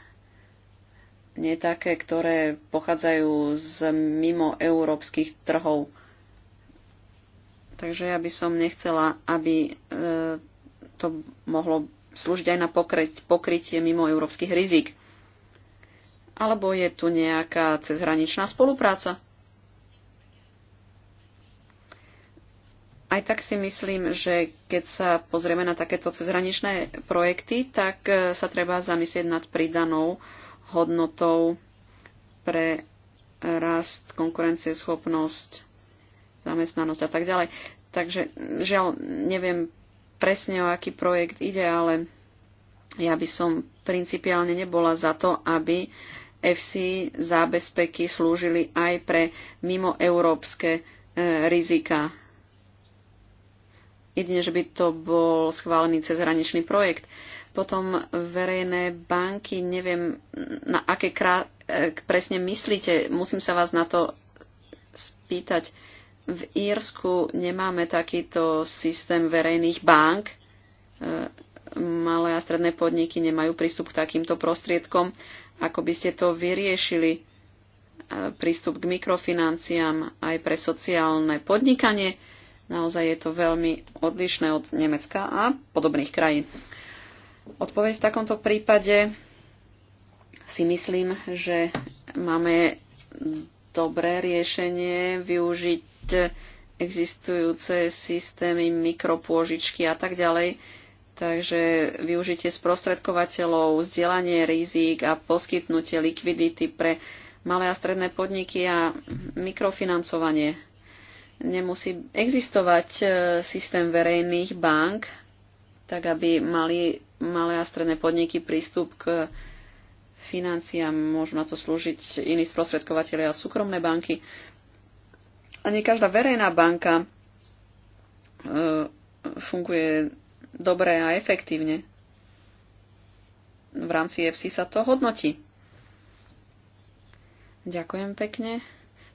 nie také, ktoré pochádzajú z mimo európskych trhov. Takže ja by som nechcela, aby e, to mohlo slúžiť aj na pokrytie mimo európskych rizik. Alebo je tu nejaká cezhraničná spolupráca? Aj tak si myslím, že keď sa pozrieme na takéto cezhraničné projekty, tak e, sa treba zamyslieť nad pridanou hodnotou pre rast, schopnosť, zamestnanosť a tak ďalej. Takže žiaľ, neviem presne, o aký projekt ide, ale ja by som principiálne nebola za to, aby FC zábezpeky slúžili aj pre mimoeurópske e, rizika jedine, že by to bol schválený cezhraničný projekt. Potom verejné banky, neviem, na aké krá- e, presne myslíte, musím sa vás na to spýtať. V Írsku nemáme takýto systém verejných bank. E, malé a stredné podniky nemajú prístup k takýmto prostriedkom. Ako by ste to vyriešili? E, prístup k mikrofinanciám aj pre sociálne podnikanie Naozaj je to veľmi odlišné od Nemecka a podobných krajín. Odpoveď v takomto prípade si myslím, že máme dobré riešenie využiť existujúce systémy, mikropôžičky a tak ďalej. Takže využitie sprostredkovateľov, vzdelanie rizík a poskytnutie likvidity pre malé a stredné podniky a mikrofinancovanie nemusí existovať e, systém verejných bank, tak aby mali malé a stredné podniky prístup k financiám, môžu na to slúžiť iní sprostredkovateľi a súkromné banky. A nie každá verejná banka e, funguje dobre a efektívne. V rámci FC sa to hodnotí. Ďakujem pekne.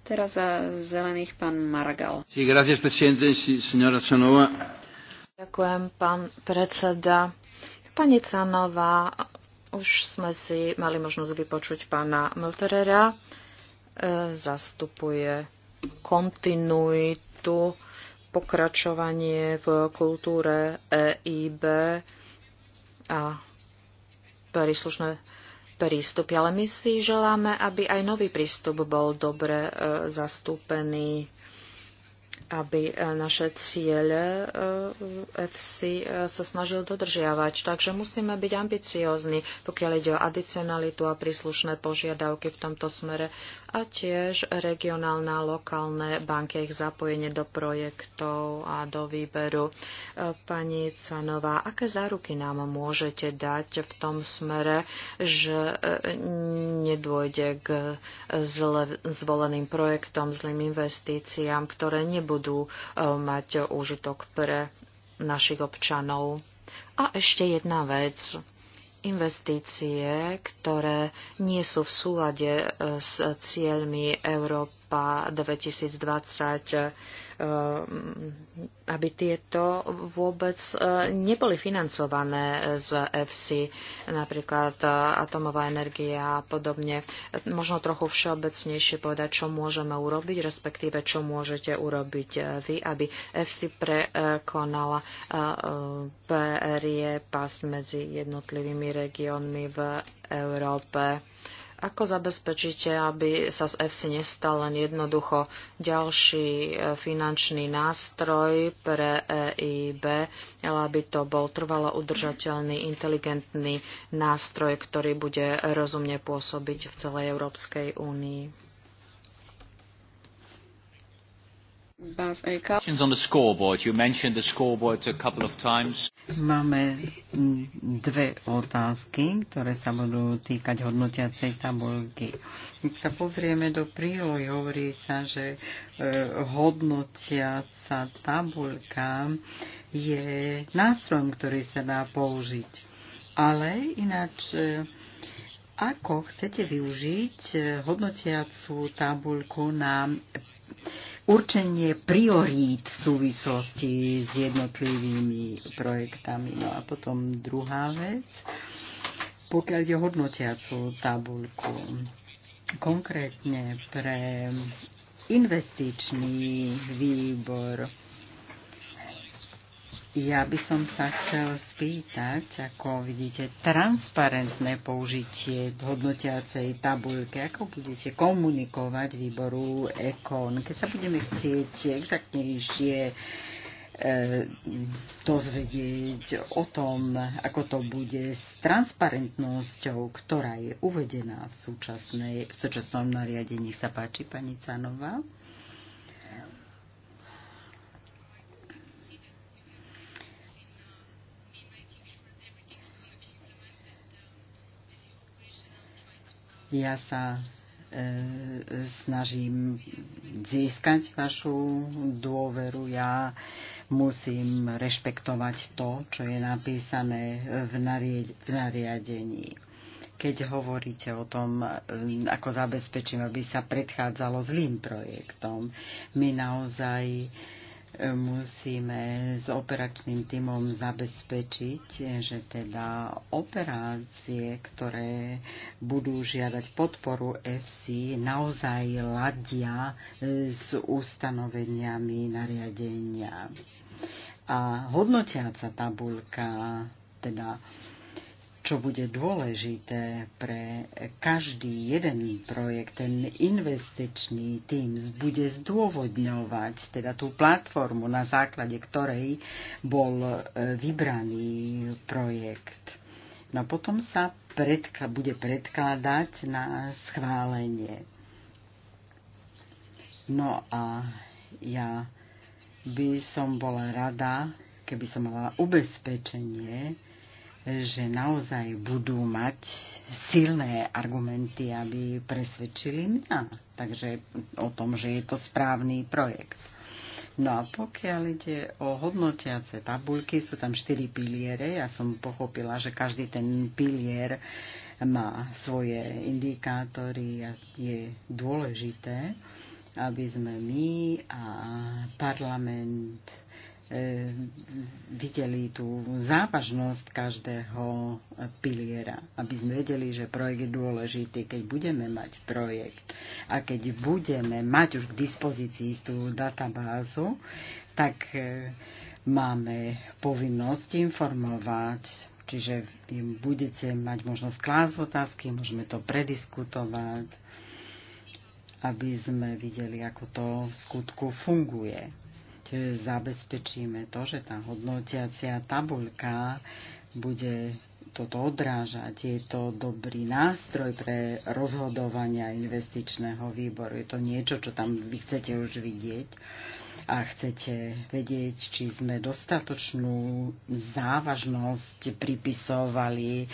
Teraz za zelených pán Maragal. Sí, gracias, presidente, señora Canova. Ďakujem, pán predseda. Pani Canová, už sme si mali možnosť vypočuť pána Mlterera. E, zastupuje kontinuitu, pokračovanie v kultúre EIB a príslušné prístupy, ale my si želáme, aby aj nový prístup bol dobre e, zastúpený aby e, naše ciele e, FC e, sa snažil dodržiavať. Takže musíme byť ambiciózni, pokiaľ ide o adicionalitu a príslušné požiadavky v tomto smere a tiež regionálne a lokálne banky ich zapojenie do projektov a do výberu. Pani Cvanová, aké záruky nám môžete dať v tom smere, že nedôjde k zle, zvoleným projektom, zlým investíciám, ktoré nebudú budú e, mať úžitok pre našich občanov. A ešte jedna vec investície, ktoré nie sú v súlade e, s cieľmi Európa 2020 Eh, aby tieto vôbec eh, neboli financované z EFSI, napríklad eh, atomová energia a podobne. Možno trochu všeobecnejšie povedať, čo môžeme urobiť, respektíve čo môžete urobiť vy, aby EFSI prekonala perie pas medzi jednotlivými regiónmi v Európe. Ako zabezpečíte, aby sa z EFSI nestal len jednoducho ďalší e, finančný nástroj pre EIB, ale aby to bol trvalo udržateľný, inteligentný nástroj, ktorý bude rozumne pôsobiť v celej Európskej únii? Máme dve otázky, ktoré sa budú týkať hodnotiacej tabulky. Keď sa pozrieme do prílohy, hovorí sa, že e, hodnotiaca tabulka je nástrojom, ktorý sa dá použiť. Ale ináč e, ako chcete využiť e, hodnotiacu tabuľku na určenie priorít v súvislosti s jednotlivými projektami. No a potom druhá vec, pokiaľ ide hodnotiacú tabulku, konkrétne pre investičný výbor ja by som sa chcel spýtať, ako vidíte, transparentné použitie hodnotiacej tabulky, ako budete komunikovať výboru EKON, keď sa budeme chcieť exaktnejšie e, dozvedieť o tom, ako to bude s transparentnosťou, ktorá je uvedená v, súčasnej, v súčasnom nariadení. Sa páči, pani Canová. Ja sa e, snažím získať vašu dôveru. Ja musím rešpektovať to, čo je napísané v, nariade, v nariadení. Keď hovoríte o tom, e, ako zabezpečím, aby sa predchádzalo zlým projektom, my naozaj e, musíme s operačným týmom zabezpečiť, že teda operácie, ktoré budú žiadať podporu FC, naozaj ladia s ustanoveniami nariadenia. A hodnotiaca tabulka, teda čo bude dôležité pre každý jeden projekt, ten investičný tým bude zdôvodňovať teda tú platformu, na základe ktorej bol e, vybraný projekt. No potom sa predkl- bude predkladať na schválenie. No a ja by som bola rada, keby som mala ubezpečenie, že naozaj budú mať silné argumenty, aby presvedčili mňa. Takže o tom, že je to správny projekt. No a pokiaľ ide o hodnotiace tabulky, sú tam štyri piliere. Ja som pochopila, že každý ten pilier má svoje indikátory a je dôležité, aby sme my a parlament E, videli tú závažnosť každého piliera, aby sme vedeli, že projekt je dôležitý, keď budeme mať projekt a keď budeme mať už k dispozícii tú databázu, tak e, máme povinnosť informovať, čiže budete mať možnosť klásť otázky, môžeme to prediskutovať, aby sme videli, ako to v skutku funguje zabezpečíme to, že tá hodnotiacia tabuľka bude toto odrážať. Je to dobrý nástroj pre rozhodovania investičného výboru. Je to niečo, čo tam vy chcete už vidieť a chcete vedieť, či sme dostatočnú závažnosť pripisovali e,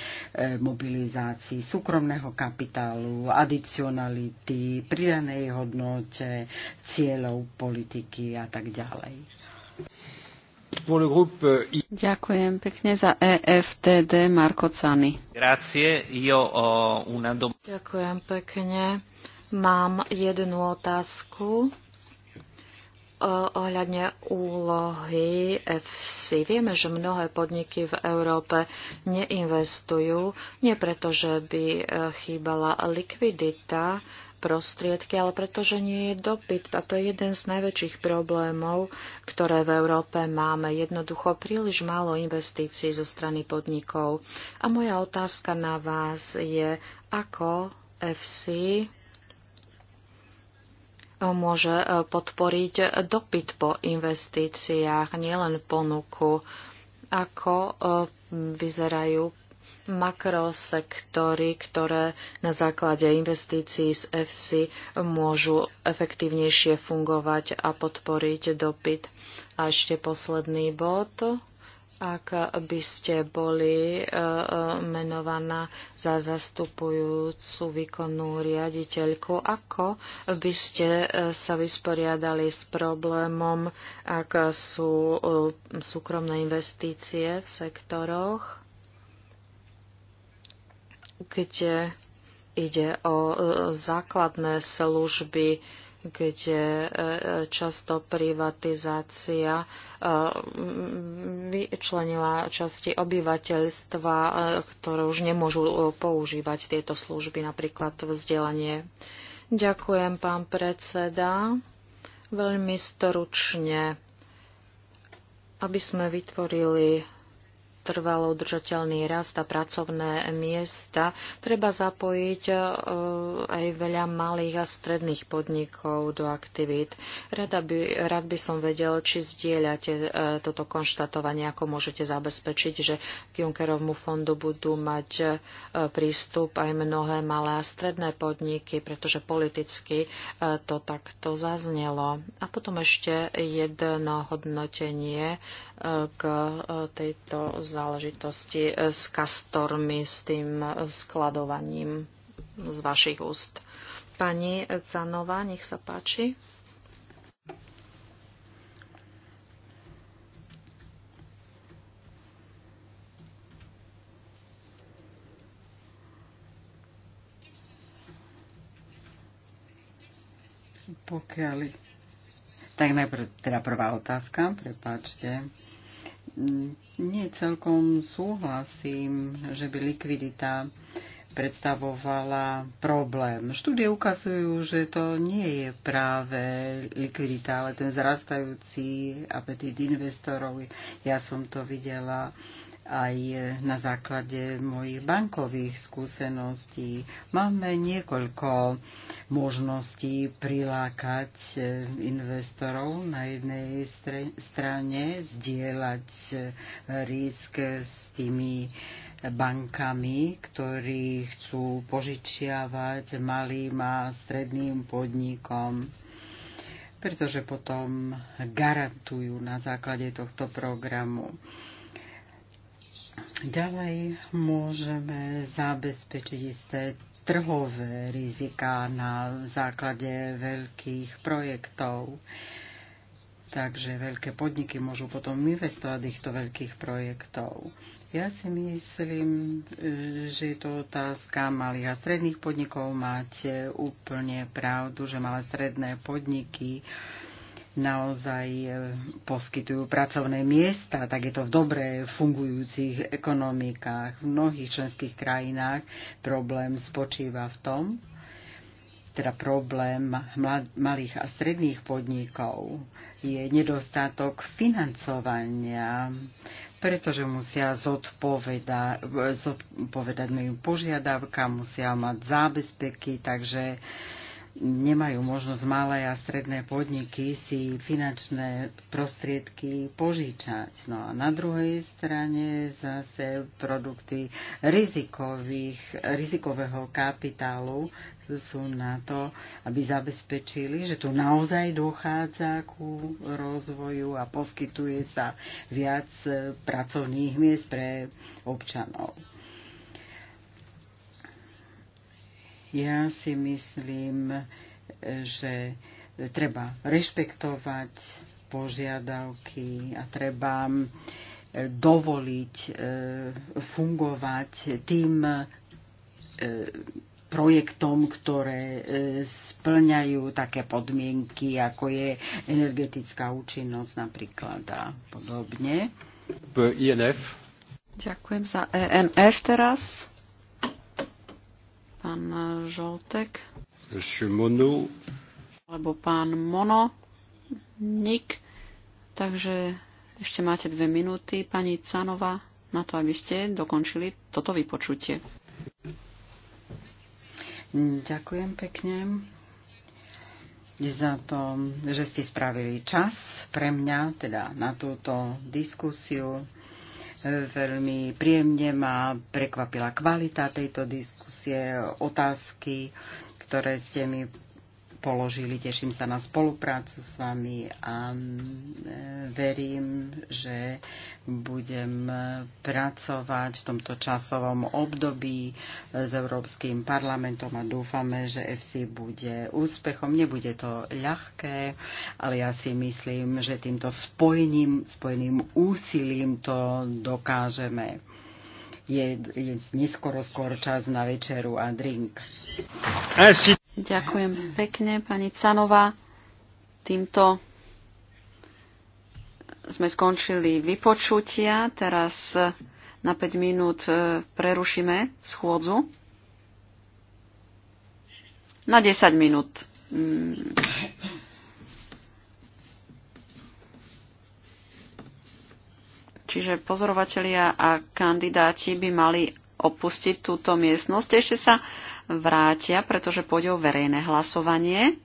mobilizácii súkromného kapitálu, adicionality, pridanej hodnote, cieľov politiky a tak ďalej. Ďakujem pekne za EFTD Marko Cany. Ďakujem pekne. Mám jednu otázku ohľadne úlohy FC. Vieme, že mnohé podniky v Európe neinvestujú, nie preto, že by e, chýbala likvidita, prostriedky, ale pretože nie je dopyt. A to je jeden z najväčších problémov, ktoré v Európe máme. Jednoducho príliš málo investícií zo strany podnikov. A moja otázka na vás je, ako FC môže e, podporiť dopyt po investíciách, nielen ponuku. Ako e, vyzerajú makrosektory, ktoré na základe investícií z FC môžu efektívnejšie fungovať a podporiť dopyt. A ešte posledný bod ak by ste boli e, e, menovaná za zastupujúcu výkonnú riaditeľku, ako by ste e, sa vysporiadali s problémom, ak sú súkromné investície v sektoroch, kde ide o základné služby, kde e, e, často privatizácia e, vyčlenila časti obyvateľstva, ktoré už nemôžu používať tieto služby, napríklad vzdelanie. Ďakujem, pán predseda. Veľmi storučne, aby sme vytvorili trvalo udržateľný rast a pracovné miesta, treba zapojiť e, aj veľa malých a stredných podnikov do aktivít. Rád by, rád by som vedel, či zdieľate e, toto konštatovanie, ako môžete zabezpečiť, že k Junckerovmu fondu budú mať e, prístup aj mnohé malé a stredné podniky, pretože politicky to takto zaznelo. A potom ešte jedno hodnotenie k tejto záležitosti e, s kastormi, s tým e, skladovaním z vašich úst. Pani Canová, nech sa páči. Pokiaľ... Tak najprv teda prvá otázka, prepáčte nie celkom súhlasím, že by likvidita predstavovala problém. Štúdie ukazujú, že to nie je práve likvidita, ale ten zrastajúci apetit investorov. Ja som to videla aj na základe mojich bankových skúseností. Máme niekoľko možností prilákať eh, investorov na jednej strane, zdieľať eh, risk s tými bankami, ktorí chcú požičiavať malým a stredným podnikom pretože potom garantujú na základe tohto programu. Ďalej môžeme zabezpečiť isté trhové rizika na základe veľkých projektov. Takže veľké podniky môžu potom investovať týchto veľkých projektov. Ja si myslím, že je to otázka malých a stredných podnikov. Máte úplne pravdu, že malé stredné podniky naozaj e, poskytujú pracovné miesta, tak je to v dobre fungujúcich ekonomikách. V mnohých členských krajinách problém spočíva v tom, teda problém malých a stredných podnikov je nedostatok financovania, pretože musia zodpoveda, zodpovedať mojim požiadavkám, musia mať zábezpeky, takže nemajú možnosť malé a stredné podniky si finančné prostriedky požičať. No a na druhej strane zase produkty rizikových, rizikového kapitálu sú na to, aby zabezpečili, že tu naozaj dochádza ku rozvoju a poskytuje sa viac pracovných miest pre občanov. Ja si myslím, že treba rešpektovať požiadavky a treba dovoliť e, fungovať tým e, projektom, ktoré e, splňajú také podmienky, ako je energetická účinnosť napríklad a podobne. INF. Ďakujem za ENF teraz. Pán e, Žoltek. Monsieur Mono. Alebo pán Mono. Nik. Takže ešte máte dve minúty, pani Canova, na to, aby ste dokončili toto vypočutie. Ďakujem pekne za to, že ste spravili čas pre mňa, teda na túto diskusiu. Veľmi príjemne ma prekvapila kvalita tejto diskusie, otázky, ktoré ste mi položili. Teším sa na spoluprácu s vami a e, verím, že budem pracovať v tomto časovom období e, s Európskym parlamentom a dúfame, že FC bude úspechom. Nebude to ľahké, ale ja si myslím, že týmto spojením, spojeným úsilím to dokážeme. Je, je neskoro skôr čas na večeru a drink. Ďakujem pekne, pani Canová. Týmto sme skončili vypočutia. Teraz na 5 minút e, prerušíme schôdzu. Na 10 minút. Mm. Čiže pozorovatelia a kandidáti by mali opustiť túto miestnosť. Ešte sa vrátia, pretože pôjde o verejné hlasovanie.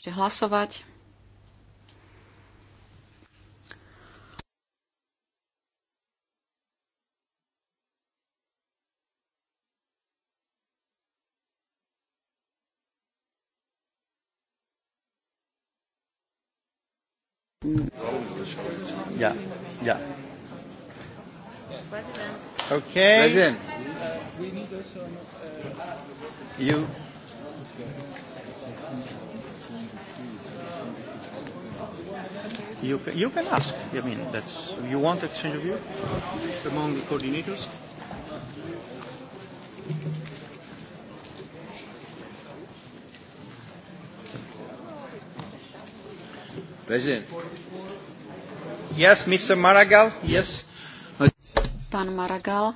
Ešte hlasovať. Yeah, yeah. President. Okay. President. You. You can, you can ask. I mean, that's you want exchange of view among the coordinators. President. Yes, Mr. Maragall. Yes. Pán Maragall.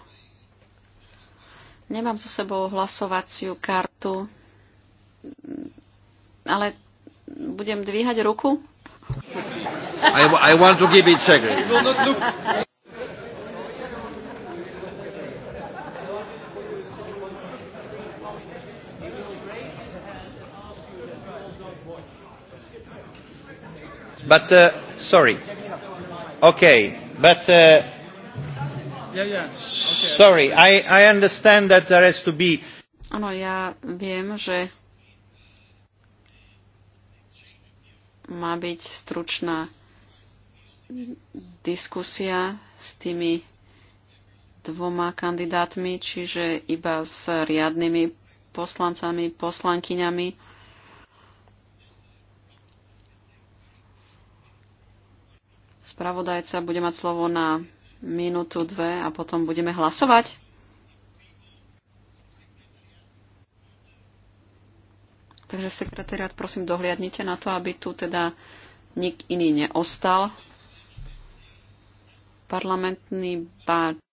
Nemám za sebou hlasovaciu kartu, ale budem dvíhať ruku? I, I want to give it second. But uh, sorry. Okay, but uh, yeah, yeah. Okay. sorry, I, I understand that there has to be. Ano, ja viem, že má byť stručná diskusia s tými dvoma kandidátmi, čiže iba s riadnymi poslancami, poslankyňami. Spravodajca bude mať slovo na minútu, dve a potom budeme hlasovať. Takže sekretariat, prosím, dohliadnite na to, aby tu teda nik iný neostal. Parlamentný ba-